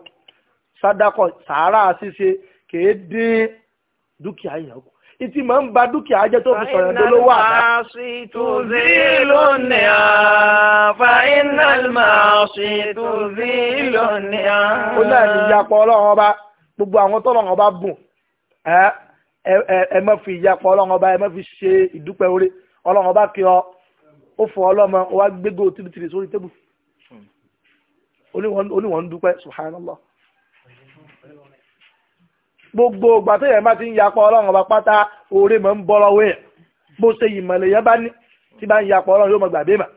sádàkọ sàárà ṣíṣe kèé dín dúkìá yẹn kù ìtì máa ń ba dúkìá jẹ́ tó fi sọ̀rọ̀ ẹ̀dọ́ ló wà. tùzí lónìí à fa iná ṣe tùzí lónìí à. ó náà ní ìyapọ̀ ọlọ́run ọba gbogbo àwọn tọ́lọ́run ọba bùn ẹ má fi ìyapọ̀ ọlọ́run ọba ẹ má fi ṣe ìdúpẹ́ orí ọlọ́run ọba kí ọ ó fọ ọlọ́mọ ó wá tìrìtìrì sórí tébù oníwọ̀n hmm. dúpẹ́ subhanallah. gbogbo ìgbà tó yẹn bá ti ń yapọ̀ ọlọ́run ọba pátá oore mọ̀ ń bọ́ lọ́wọ́ yẹn bó ṣe ìmọ̀lẹ̀ yẹn bá ní tí bá ń yapọ̀ ọlọ́run yóò mọ̀ gbàgbé mà.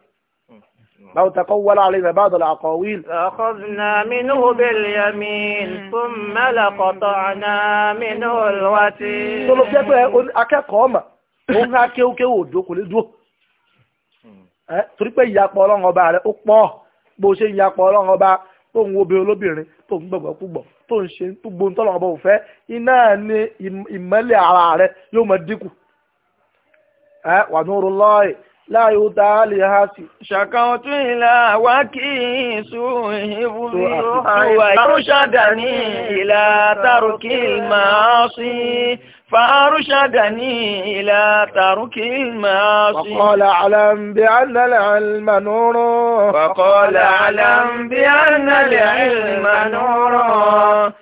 لو تقول علينا بعض الأقاويل أخذنا منه باليمين ثم لقطعنا منه الوتين tó ló jẹ́ pé akẹ́kọ̀ọ́ mà ó ń kò lè dúró torí pé ọba rẹ̀ ó pọ̀ bó tó ń ṣe gbogbo ń tọ́lọ̀ ọba òfẹ́ iná ni ìmọ́lẹ̀ ara rẹ yóò máa dínkù ẹ wà ní orun lọ́ọ̀ẹ́ láàyè ó ta á lè ha sí. ṣàkà ọtún ìlà wá kí ìṣú ìhìnbù mi ó wà ìrúṣàdà ní ìlà tàrùkì máa sí. فارشدني إلى ترك المعاصي وقال أعلم بأن العلم نور وقال أعلم بأن العلم نور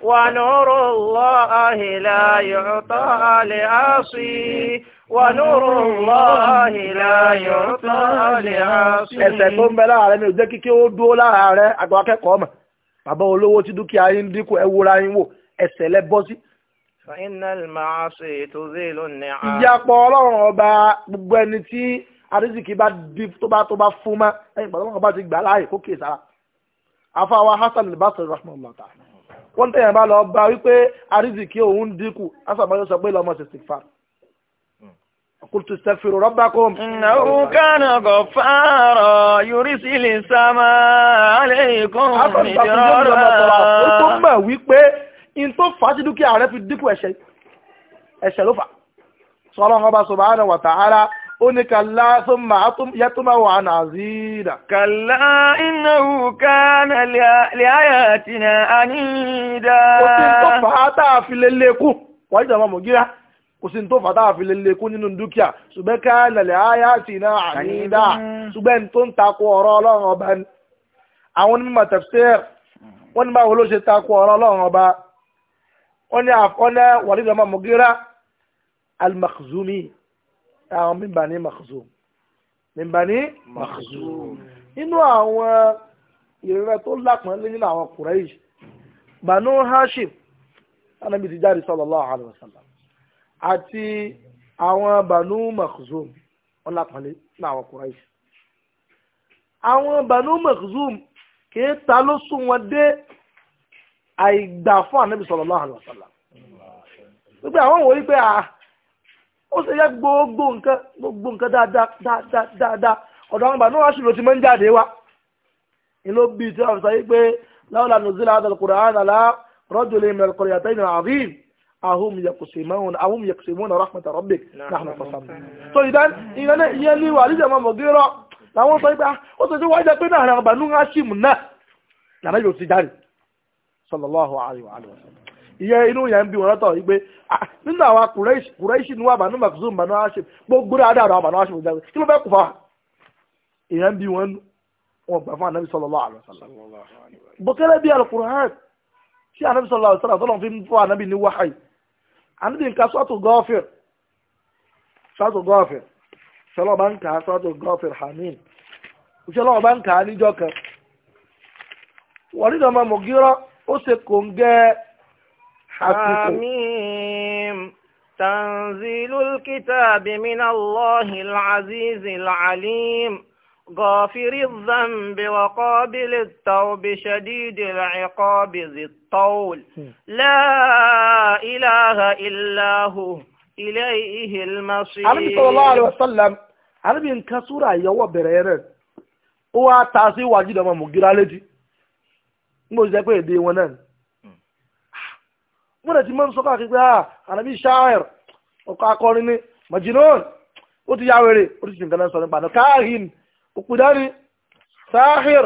ونور الله لا يعطى لعاصي ونور الله لا يعطى لعاصي ẹ̀ṣẹ̀ tó ń bẹ lára rẹ mi ò jẹ́ kíkí ó dúró lára rẹ àgbà akẹ́kọ̀ọ́ mọ̀ bàbá olówó tí dúkìá yín dínkù ìyàpọ̀ ọlọ́run ọba gbogbo ẹni tí arísìkì bá di tó bá tó bá fún mọ́ ẹ̀yìn pàtó ọlọ́run ọba ti gbà láàyè kó kè sára afáwa hasan al-basri rahmanullah ta wọ́n tẹ̀yàn bá lọ bá wípé arísìkì òun dínkù hasan bá yóò sọ pé lọ́mọ ṣèṣì fà قلت استغفروا ربكم إنه كان غفارا يرسل السماء عليكم مدرارا. ثم wípé in tó fà á tí dúkìá rẹ̀ fi dínkù ẹ̀ṣẹ̀ ẹ̀ṣẹ̀ ló fà sọ́lọ́n ọba subhanahu wa ta'ala ó ní kàlá tó máa yẹ́tọ́ máa wà náà zídà. kàlá innahu kana li ayatina anida. kò sí tó fà tá a fi lé lékún wọ́n jẹ́ ọmọ mọ̀gíra kò sí tó fà tá a fi lé lékún nínú dúkìá ṣùgbọ́n kana li ayatina anida ṣùgbọ́n tó ń takò ọ̀rọ̀ ọlọ́run ọba ni àwọn onímọ̀ tafsir wọ́n ní báwo ló ṣe takò ọ̀rọ̀ ọlọ́run ọba wọ́n ní àkọ́lẹ́ wàlídìí ọmọ Mugira al-Makhzumi àwọn mímbà ní Makhzum mímbà ní Makhzum nínú àwọn ìrora tó lápọn lé nínú àwọn Quraysh Banu Hashim anabi ti jáde sallallahu alaihi wasallam àti àwọn Banu Makhzum wọ́n lápọn lé nínú àwọn Quraysh àwọn Banu Makhzum kì í ta ló sún wọn dé àìgbà fún ànábì sallallahu alaihi wasallam gbogbo àwọn wòye pé àá ah, ó ṣe yẹ gbogbo nǹkan gbogbo nǹkan dáadáa ọ̀dọ̀ àwọn bàbá wa ṣùgbọ́n ti máa ń jáde wa ìlú bíi tí wọ́n fi sọ yí pé lawla nuzila hadha al-Qur'an ala rajulin min al-qaryatayn azim ahum yakusimuna ahum yakusimuna rahmata rabbik nahnu qasamna so idan idan iyan ni wa alija ma mogiro làwọn sọ pé ah, ó sọ pé wájú pé náà àwọn bàbá wa ṣì mú náà làwọn yóò ti jáde Ah, sallallahu alayhi wa sallam ìyẹn inú yẹn ń bí wọn lọ́tọ̀ yìí pé nínú àwọn kùrẹ́ṣì ní wà bànú màkùsù bànú àṣẹ gbogbo dáadáa àwọn bànú àṣẹ gbogbo kí ló fẹ́ kù fa ìyẹn ń bí wọn wọn gbà fún anabi sallallahu alayhi wa sallam bókẹ́lẹ́ bí alukur'an tí anabi sallallahu alayhi wa sallam tọ́lọ̀ fi ń fún anabi ní wáhàyí anabi nǹkan sọ́tù níjọ́ kan wọ́n ní ó ṣe kò ń gẹ́ àsìkò. تنزيل الكتاب من الله العزيز العليم غافر الذنب وقابل التوب شديد العقاب ذي الطول لا إله إلا هو إليه المصير عربي صلى الله عليه وسلم عربي انكسور أيوة بريرة هو تعصي واجد أمام مجرى لدي mo jẹ́ pé èdè wọn náà hmm. mo lè ti máa ń sọ káàkiri pé ah, ànábì ṣáàr ọkọ akọrin ni majinon ó ti ya wèrè ó ti sì nǹkan náà sọ nípa àná káàhìn òpìdánì sáàhìr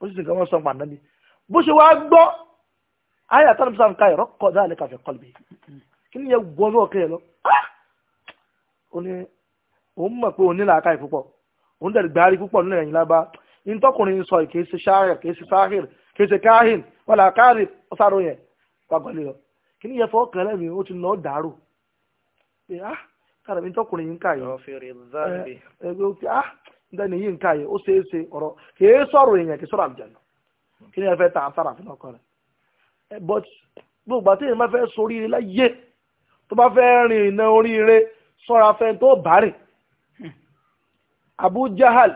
ó ti sì nǹkan sọ nípa àná ni bó ṣe wá gbọ́ ayé àtàlùmí sáà ń ká ẹ̀rọ kọ́ dáa lè kàfẹ́ kọ́ lè kí ni yẹ gbọ́ ní ọ̀kẹ́ yẹn lọ ah! ó ní òun mọ̀ pé òun ní làákàyè púpọ̀ òun dẹ̀ gbárí púpọ̀ nílẹ̀ yìí lábá ní tọkùnrin sọ ìkéésí sáàhìr kéésí sáàhìr kì í ṣe káhìn wọn là káàrin ó sáró yẹn pàgọ́lé lọ kì ní yẹ fọ́ ah kára mi tọkùnrin yìí ń kà ah níta ni ń kà ó ṣeé ṣe ọ̀rọ̀ kì í sọ̀rọ̀ èèyàn kì kí ni ẹ ta ọkọ gbogbo àti bá ilé Abu Jahal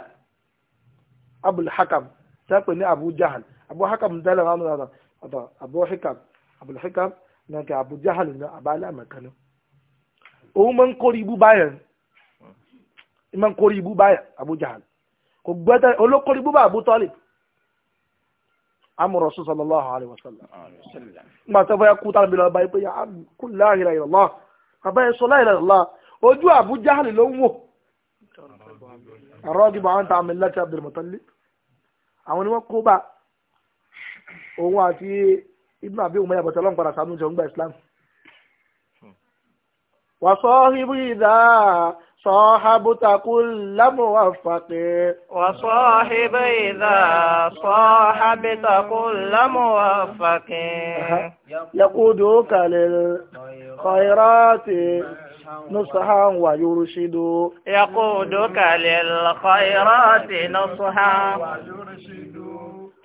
Abul Hakam ní Abu Jahal abu hakam dala ma mun ata abu hikam abu hikam na ke abu jahal na abala makano o man kori ibu bayan man kori ibu bayan abu jahal ko gbata olokori ibu ba abu talib amur rasul sallallahu alaihi wasallam ma ta baya ku talib la bayi pe ya kul la ilaha illallah abaya so la ilaha illallah ojú abu jahal ló ń wò arọ́gìbọn àwọn tààmì láti abdulmutalib àwọn ni wọ́n òun àti ibùdó àbí òun mẹ́rin àbọ̀tẹ́ ọlọ́run padà sànú jẹun gba islam. wà sọ ibú ìdá sọ́hábùtàkù lámùwà fàkẹ́. wà sọ ibú ìdá sọ́hábùtàkù lámùwà fàkẹ́. yakudu kalẹ̀ kọ́irọ́tì. نصحا ويرشد يقودك للخيرات نصحا ويرشد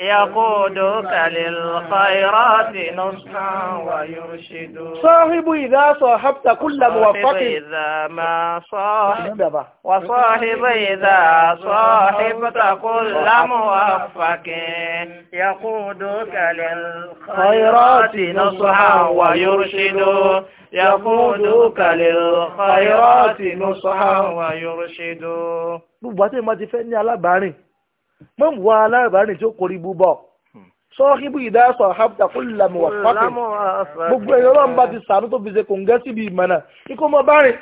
يقودك للخيرات نصحا ويرشد صاحب إذا صاحبت كل موفق إذا ما صاحب وصاحب إذا صاحبت كل موفق يقودك للخيرات نصحا ويرشد يقودك للخيرات نصحا ويرشد gbogbo àti ìmọ̀ ti fẹ́ ní mọ́mù wa aláàbárìn tí ó kórìí bú bọ̀ hmm. sọ́ọ́kíbù ìdásọ̀ àhábùtà kó làmù wà fáfẹ́ gbogbo ẹ̀yọ́ ọlọ́run bá ti sàánú tó fi ṣe kò ń gẹ́ síbi ìmọ̀nà ikú mọ́ bá rìn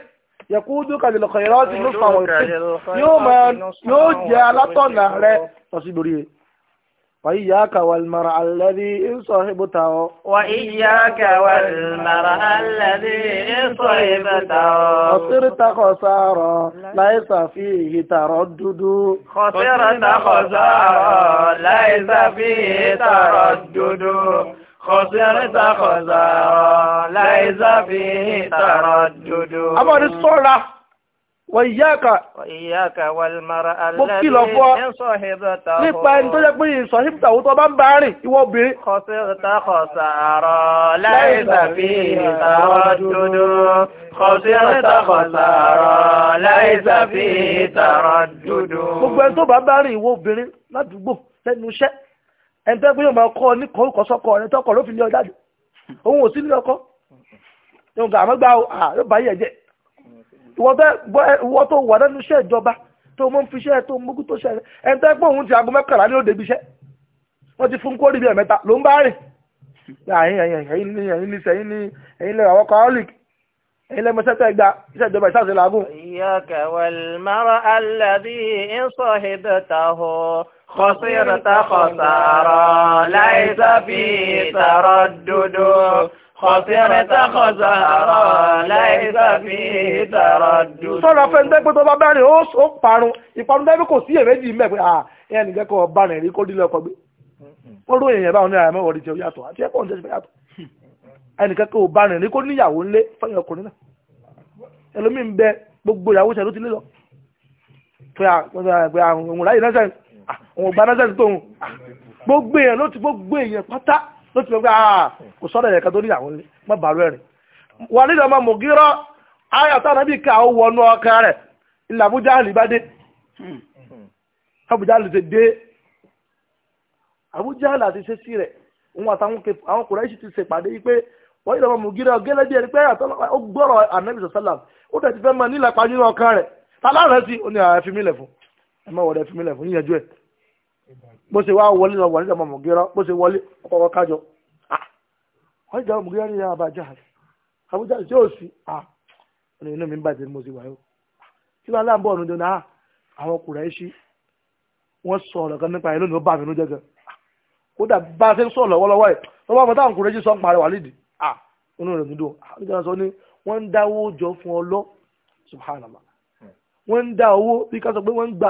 yẹ̀kúdú kàlẹ̀ lọ́kọ̀ وإياك والمرء الذي صاحبته وإياك والمرء الذي صاحبته خسرت خسارة ليس فيه تردد خسرت خسارة ليس فيه تردد خسرت خسارة ليس فيه تردد أمر الصلاة wọ̀nyíyáka wọ̀nyíyáka wàlmára alẹ́bí ẹ̀sọ̀hìbọ̀tà hù nípa ẹni tó jẹ́ pé ìsọ̀hìbọ̀tà hù tó bá ń bá rìn ìwọ obìnrin. fi ìtàwọ̀ dúdú kọsíta kọsà fi ìtàwọ̀ dúdú. gbogbo ẹni tó bá bá rìn ìwọ obìnrin ládùúgbò lẹ́nu iṣẹ́ ẹni tó gbé yóò máa kọ́ ní kọ́kọ́sọ́kọ ẹni tọkọ ló fi lé ọ jáde òun ò sí ní ìwọ tó wà lẹ́nu iṣẹ́ ìjọba tó mọ́ ń fi iṣẹ́ tó mú tó ṣẹlẹ̀ ẹni tó pé òun ti aago mẹ́kànlá ní òde ibi iṣẹ́ wọ́n ti fún kórìí bí ẹ̀mẹ́ta ló ń bá rìn ẹ̀yin ẹ̀yin ní ẹ̀yin ní sẹ́yìn ní ẹ̀yin lẹ́rọ àwọn kọ́ọ́lì ẹ̀yin lẹ́mọ sẹ́tọ̀ ẹgbà iṣẹ́ ìjọba ìṣàṣẹ làágùn. iyyaka Kọ̀sẹ̀rẹ̀ta kọ̀sàárọ̀ láìsàfí ìtàràdù. Sọ́rọ̀ fẹ́ ń tẹ́ pé tó bá bẹ́rin ó parun, ìparun tẹ́bí kò sí èrèjì mẹ́ pé à ah, ẹ̀yà nìjẹ́ kọ́ bá rìn rí kó dílé ọkọ̀ gbé. Ó rú èèyàn báwọn náírà mẹ́wọ̀ rí jẹ́ yàtọ̀ àti ẹ̀kọ́ ọ̀njẹ́ yàtọ̀. Ẹnìkan kò bá rìn rí kó níyàwó ńlé fẹ́yìn ọkùnrin náà. Ẹlòmíì ń bẹ gbogbo ìyàwó ṣẹ̀ ló ti lé lọ. Ah, ah, gbogbo èèyàn ló ti gbogbo èèyàn pátá ló ti gbé àà ah, kò sọ́dọ̀ ẹ̀ka tó ní àwọn ilé mọ́ bàálù ẹ̀rìn wà nílò ọmọ mògírọ́ ayọ̀ tó ànábì ká ó wọnú ọkàn rẹ̀ ilẹ̀ àbújá àlìbádé àbújá àlìbádé àbújá àlàtí ṣe sí rẹ̀ òun àtàwọn àwọn kùráìṣì ti ṣèpàdé yìí pé wọ́n yìí lọ́mọ mògírọ́ gẹ́lẹ́ bí ẹni pé ó gbọ́rọ̀ ànábì sọ̀sálàm ó tẹ̀ fẹ́ mọ nílẹ̀ pa nínú ọkàn rẹ̀ tá sí ó ní àfimílẹ̀ fún fún yíyanjú bó ṣe wá wọlé lọ wà nígbà mọ̀ mọ̀gẹ́rọ́ bó ṣe wọlé ọkọ̀ kájọ wọ́n jẹ́ mọ̀gẹ́rọ́ ní ìyá àbájá àbújá tí ó sì ọ̀nà inú mi ń bàjẹ́ ni mo ṣe wà yó kí wọ́n aláǹbọ̀ ọ̀nà ìdọ̀nà àwọn ọkùnrin ṣí wọ́n sọ ọ̀rọ̀ kan nípa ìlú ni ó bá mi lójẹ́ gan kódà bá a ṣe ń sọ lọ́wọ́lọ́wọ́ ẹ̀ lọ́wọ́ àwọn táwọn ọkùnrin ṣí sọ ń parẹ́ wà nídìí à inú rẹ̀ dúdú àbújá sọ ni wọ́n subhanallah hmm. wọ́n ń dá owó bí ká sọ pé wọ́n ń gba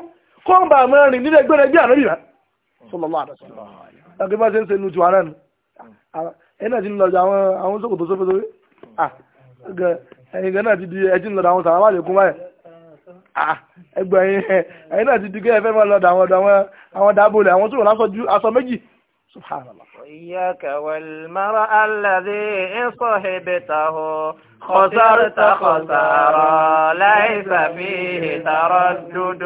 kọ́n bá máa rìn nílé gbére bí àná bìrà sallallahu alaihi wasallam ẹgbẹ́ bá ṣe ń ṣe nu tiwa náà nù ẹ̀yin náà ti ń lọ àwọn àwọn sókòtò sófésófé ẹ̀yin náà ti di di kẹ́ ẹ fẹ́ máa lọ àwọn ọ̀dọ̀ àwọn dábòlẹ̀ àwọn sòrò aṣọ subhanallah. خسرت خسارا ليس فيه تردد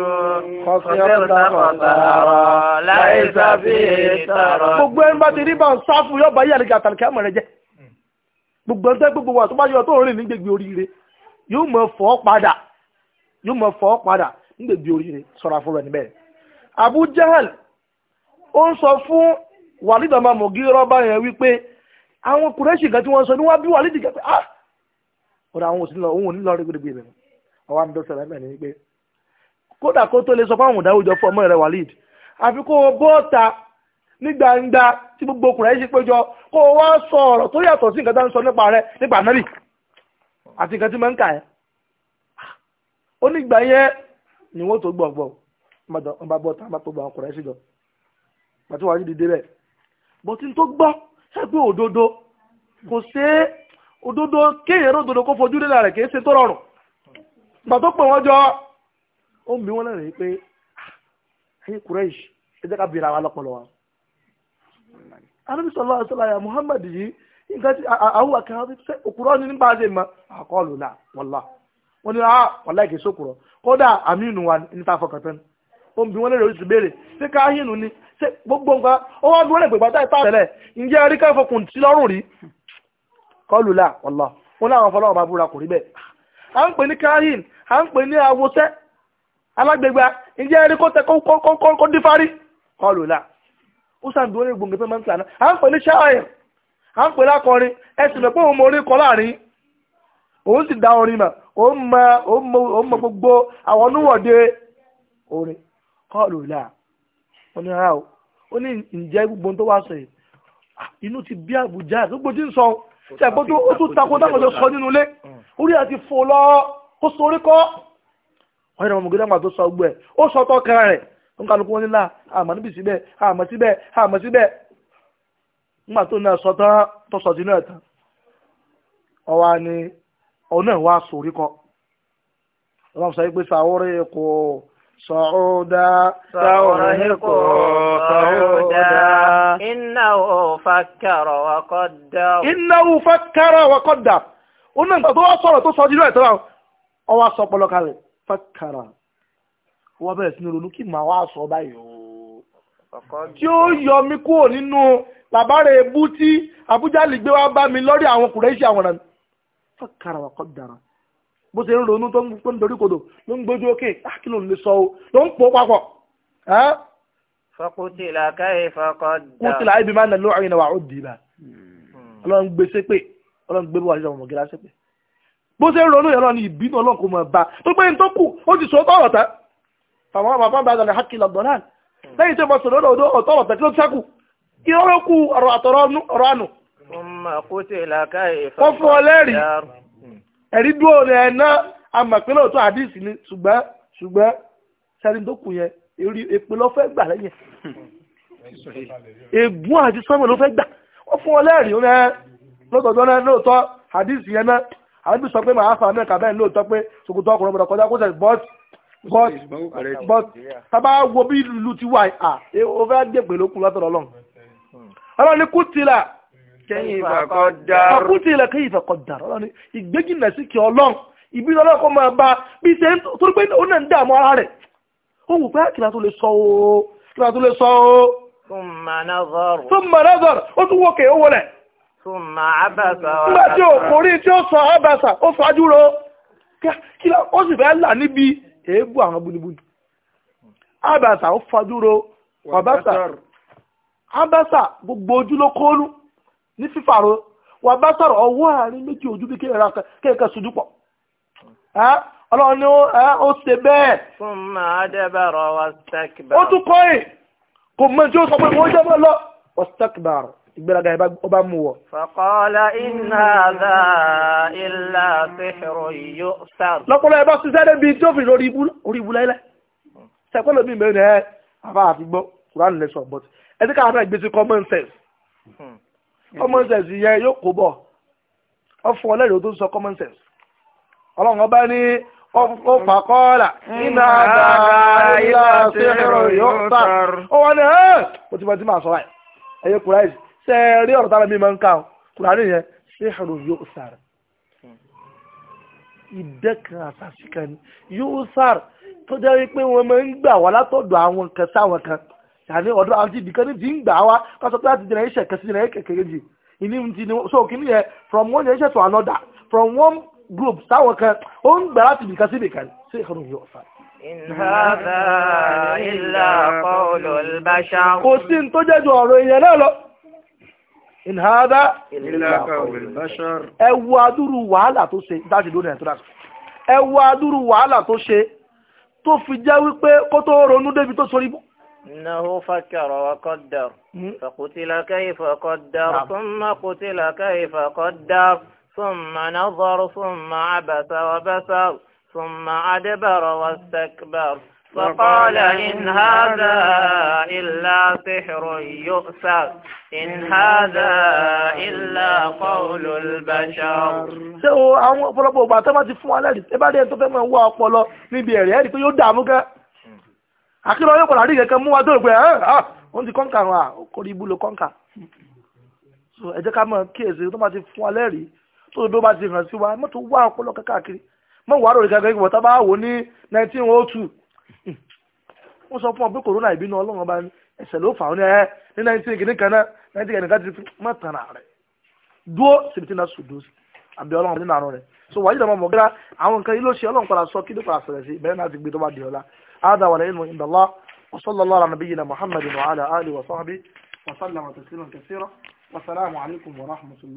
خسرت خسارا ليس فيه تردد gbogbo ẹni bá ti rí bá ń sá fún yọba yìí àlejò àtàlùkẹ́ àmọ̀ rẹ jẹ́ gbogbo ẹni gbogbo wa tó bá yọ tó rìn ní gbègbè oríire yóò mọ̀ fọ́ padà yóò mọ̀ fọ́ padà ní gbègbè oríire sọ̀rọ̀ àfọ̀rọ̀ ẹ̀ níbẹ̀. Abu ó ń sọ fún Walid ọmọ Mugira báyẹn wípé àwọn Kùrẹ́ṣì kan tí wọ́n sọ ni wọ́n bí Walid kan pé ah ó dà òun ò ní rẹ̀ ọwọ́ àmì dọ́sẹ̀ pé kódà kó tó lè sọ fún ọmọ rẹ̀ Walid àfi kó o ní gbangba tí gbogbo ọkùnrin ṣe péjọ kó o wá sọ ọ̀rọ̀ tó yàtọ̀ sí nǹkan tó ń sọ nípa rẹ̀ nípa nábì àti nǹkan tí máa ń kà ẹ́ yẹn ni wọ́n tó gbọ̀ gbọ̀ a òdodo kéèyàn rò òdodo kó fojú lélẹ̀ rẹ̀ kìí ṣe tó rọrùn gbà tó pè wọ́n jọ ó ń bí lẹ́rìn pé ah, ẹ̀yin Quraysh ẹ jẹ́ ká bèèrè àwa lọ́pọ̀lọ́ wa. anábìsọ̀ lọ́wọ́ ya Muhammad yìí nǹkan tí àwọn ti ṣe òkúrọ́ ní nípa ṣe mọ́ àkọọ́lù náà wọ́lá wọ́n ní ah kìí aminu wa fọkàntán ó wọn lẹ́rìn oṣù béèrè ṣé ni ṣé gbogbo nǹkan ó wá bí wọ́n lè pè kọlù là ọ̀là wọn láwọn fọlọ́wọ́n bá búra kò rí bẹ́ẹ̀. à ń pè ní kahin à ń pè ní awosẹ́ alágbègbè ǹjẹ́ ẹni kó tẹ kó dífárí kọlù là ó sàn dúró ní gbòǹgbò pé máa ń tà náà à ń pè ní ṣáàyè à ń pè lákọrin ẹsìn lọ pé òun mọ orí kọ láàrin òun sì dá orin mà òun mọ òun mọ gbogbo àwọn oníwọ̀de orin kọlù là o ní ǹjẹ́ gbogbo tó wá sọ yìí inú ti bí àbújá gbogbo tí ń sọ ṣẹ̀gbọ́n tó tún takò dáhùn tó sọ nínú ilé orí àti fò lọ ó sorí kọ́ wọ́n yẹn mọ̀gídá àgbà tó sọ gbọ́ ẹ̀ ó sọ tọ́ kan rẹ̀ ń kálukú wọn nílá àmọ́ níbi síbẹ̀ àmọ́ síbẹ̀ àmọ́ síbẹ̀ nígbà tó náà sọ tán tó sọ sínú ẹ̀ tán ọwọ́ ni ọ̀nà ìwà sorí kọ́ ọlọ́run sọ pé sàwórí kò صعودا سأرهقه صعودا إنه فكر وقدر إنه فكر وقدر ọ̀nà ìgbà tó wá sọ̀rọ̀ tó sọ jùlọ ẹ̀ tọ́lá ọwá sọ pọlọ kalẹ̀ fàkàrà wọ́n bẹ̀rẹ̀ sínú ronú kí màá wá sọ báyìí tí ó yọ mí kúrò nínú làbárẹ̀ ebú tí Abuja lè gbé wá bá mi lórí àwọn kùrẹ́ṣì àwọn ọ̀nà fàkàrà wà kọ́ dára bó ṣe ń ronú tó ń dorí kodò ló ń gbójú òkè kí ló ń lè sọ o ló ń pò papọ̀. fọkùtìlà káyé fọkọdà. kùtìlà ibi máa ń nà lóòrìn náà wà ó dì í bá ọlọ́run gbé sépè ọlọ́run gbé wàhálà ọmọ gíga sépè bó ṣe ń ronú yẹn lọ́ni ìbínú ọlọ́run kò mọ̀ bá tó pé ní tó kù ó ti sọ tọ̀rọ̀ tẹ́ fàwọn ọmọ bàbá àgbàlẹ̀ hákì lọ́gbọ̀n náà lẹ́yìn ẹ̀rí dúró rẹ̀ náà amọ̀pẹ́ náà tó àdìsí ni ṣùgbọ́n ṣùgbọ́n sẹ́ni yẹn ló fẹ́ gbà lẹ́yìn ègún àti sọ́mọ̀ ló fẹ́ gbà wọ́n fún ọ lẹ́rìí rẹ̀ lọ́tọ̀ọ̀tọ̀ náà lóòótọ́ àdìsí yẹn náà àdìsí sọ pé màá bẹ́ẹ̀ lóòótọ́ pé ṣòkòtò ọkùnrin ọmọdé kọjá kó kẹ́yìn ìfàkọ́ dáa. àkútì ilẹ̀ kẹ́yìn ìfàkọ́ dáa ọlọ́run ìgbéjìnà sí kí ọlọ́run ìbínú ọlọ́run kọ́ máa bá bí ṣe ń torí pé ó náà ń dààmú ara rẹ̀ ó wù pé ah, kìlá tó lè sọ o kìlá tó lè sọ o. thumma nazar. thumma nazar ó tún wọ kè ó wọlẹ̀. thumma tí ó sọ abasa ó fàájú ro kìlá ó sì fẹ́ là níbi èébú àwọn búnibúni. abasa ó fàájú ro abasa gbogbo ojú ló kọ́ọ́lù ní fífàró wà bá sọ̀rọ̀ ọwọ́ àárín méjì ojú bí kéèyàn kan kéèyàn sojú ó ṣe bẹ́ẹ̀. fún màá dẹ́bẹ̀rọ wa stakbar. ó tún kọ́ ẹ̀ kò mọ̀ tí ó sọ pé mo jẹ́bẹ̀ lọ wa stakbar ìgbéraga ọba mú wọ. faqala in hadha illa sihrun yu'thar. lọ́pọ̀lọ́ ẹ̀ bá ṣiṣẹ́ débi tí ó fi lórí ibú láyé sẹ́kọ́lọ́ mi mẹ́rin ẹ̀ àbá àfi gbọ́ kúránù lẹ́sọ̀ bọ́t ẹ̀ common sense yẹn yóò kó bọ̀ ọ fún ọ lẹ́rìí o tó ń sọ common sense ọlọ́run ọba ní ó fàkọ́ọ̀là nínú àgbà ilá síhìrò yóò tà ó wọ́n ní ẹ́ mo ti mọ tí màá sọ báyìí ẹ̀yẹ kùráìs ṣe é rí ọ̀rọ̀ tára mi máa ń ká o kùráìs yẹn síhìrò yóò sàrẹ̀ ìdẹ́kan àṣàṣì kan yóò sàrẹ̀ tó jẹ́ wípé wọ́n máa ń gbà wá látọ̀dọ̀ àwọn kan sáwọn kan àní ọ̀dọ́ àti ibìkan ní ti ń gbà wá kásọ pé láti generation kẹsí generation kẹkẹrẹjì ìní ti ni so kìíní yẹn from one generation to another from one group táwọn kan ó ń gbà láti ibìkan sí ibìkan sí ìkànnì òyìn ọ̀sán. in hadha illa qawlul bashar. kò sí ní tó jẹ́ ju ọ̀rọ̀ ìyẹn náà lọ. in hadha illa qawlul bashar. ẹ wo adúrú wàhálà tó ṣe dájú lónìí ẹ̀ tó dájú ẹ wo adúrú wàhálà tó ṣe tó fi jẹ́ wípé kó tó ronú débi tó sorí bọ́. إنه فكر وقدر فقتل كيف قدر ثم قتل كيف قدر ثم نظر ثم عبث وبسر ثم أدبر واستكبر فقال إن هذا إلا سحر يؤثر إن هذا إلا قول البشر ṣé o àwọn ọ̀pọ̀lọpọ̀ ọba tó máa ti fún wa lẹ́rìí ẹ bá dé àkírọ̀ yóò padà rí kẹ̀kẹ́ mú wa tó pé ẹ́ ọ́n ah, ti kọ́ńkà wọn à kò rí ibú lo kọ́ńkà so ẹ jẹ́ ká mọ̀ kíyèsí tó bá ti fún wa lẹ́rìí tó tó bá ti hàn sí wa mọ́tò wá ọpọlọ káàkiri mọ́ wàá rọrùn kankan ìwọ̀n tá bá wò ní 1902 wọ́n sọ fún ọ pé kòrónà ìbínú ọlọ́run bá ẹsẹ̀ ló fà ó ní ẹ ní 19 kìíní kan náà 19 kìíní kan ti fi mọ́ tàn rẹ̀ dúó síbi tí náà sùdó àbí ọlọ́run nínú àrùn rẹ̀ so wàá yìí dàmọ́ mọ̀gá àwọn nǹkan yìí ló ṣe ọlọ́run padà sọ kí ló padà sọ̀rọ̀ sí bẹ́ẹ̀ náà ti gbé tó bá di ọ̀la هذا علم عند الله وصلى الله على نبينا محمد وعلى آله وصحبه وسلم تسليما كثيرا والسلام عليكم ورحمة الله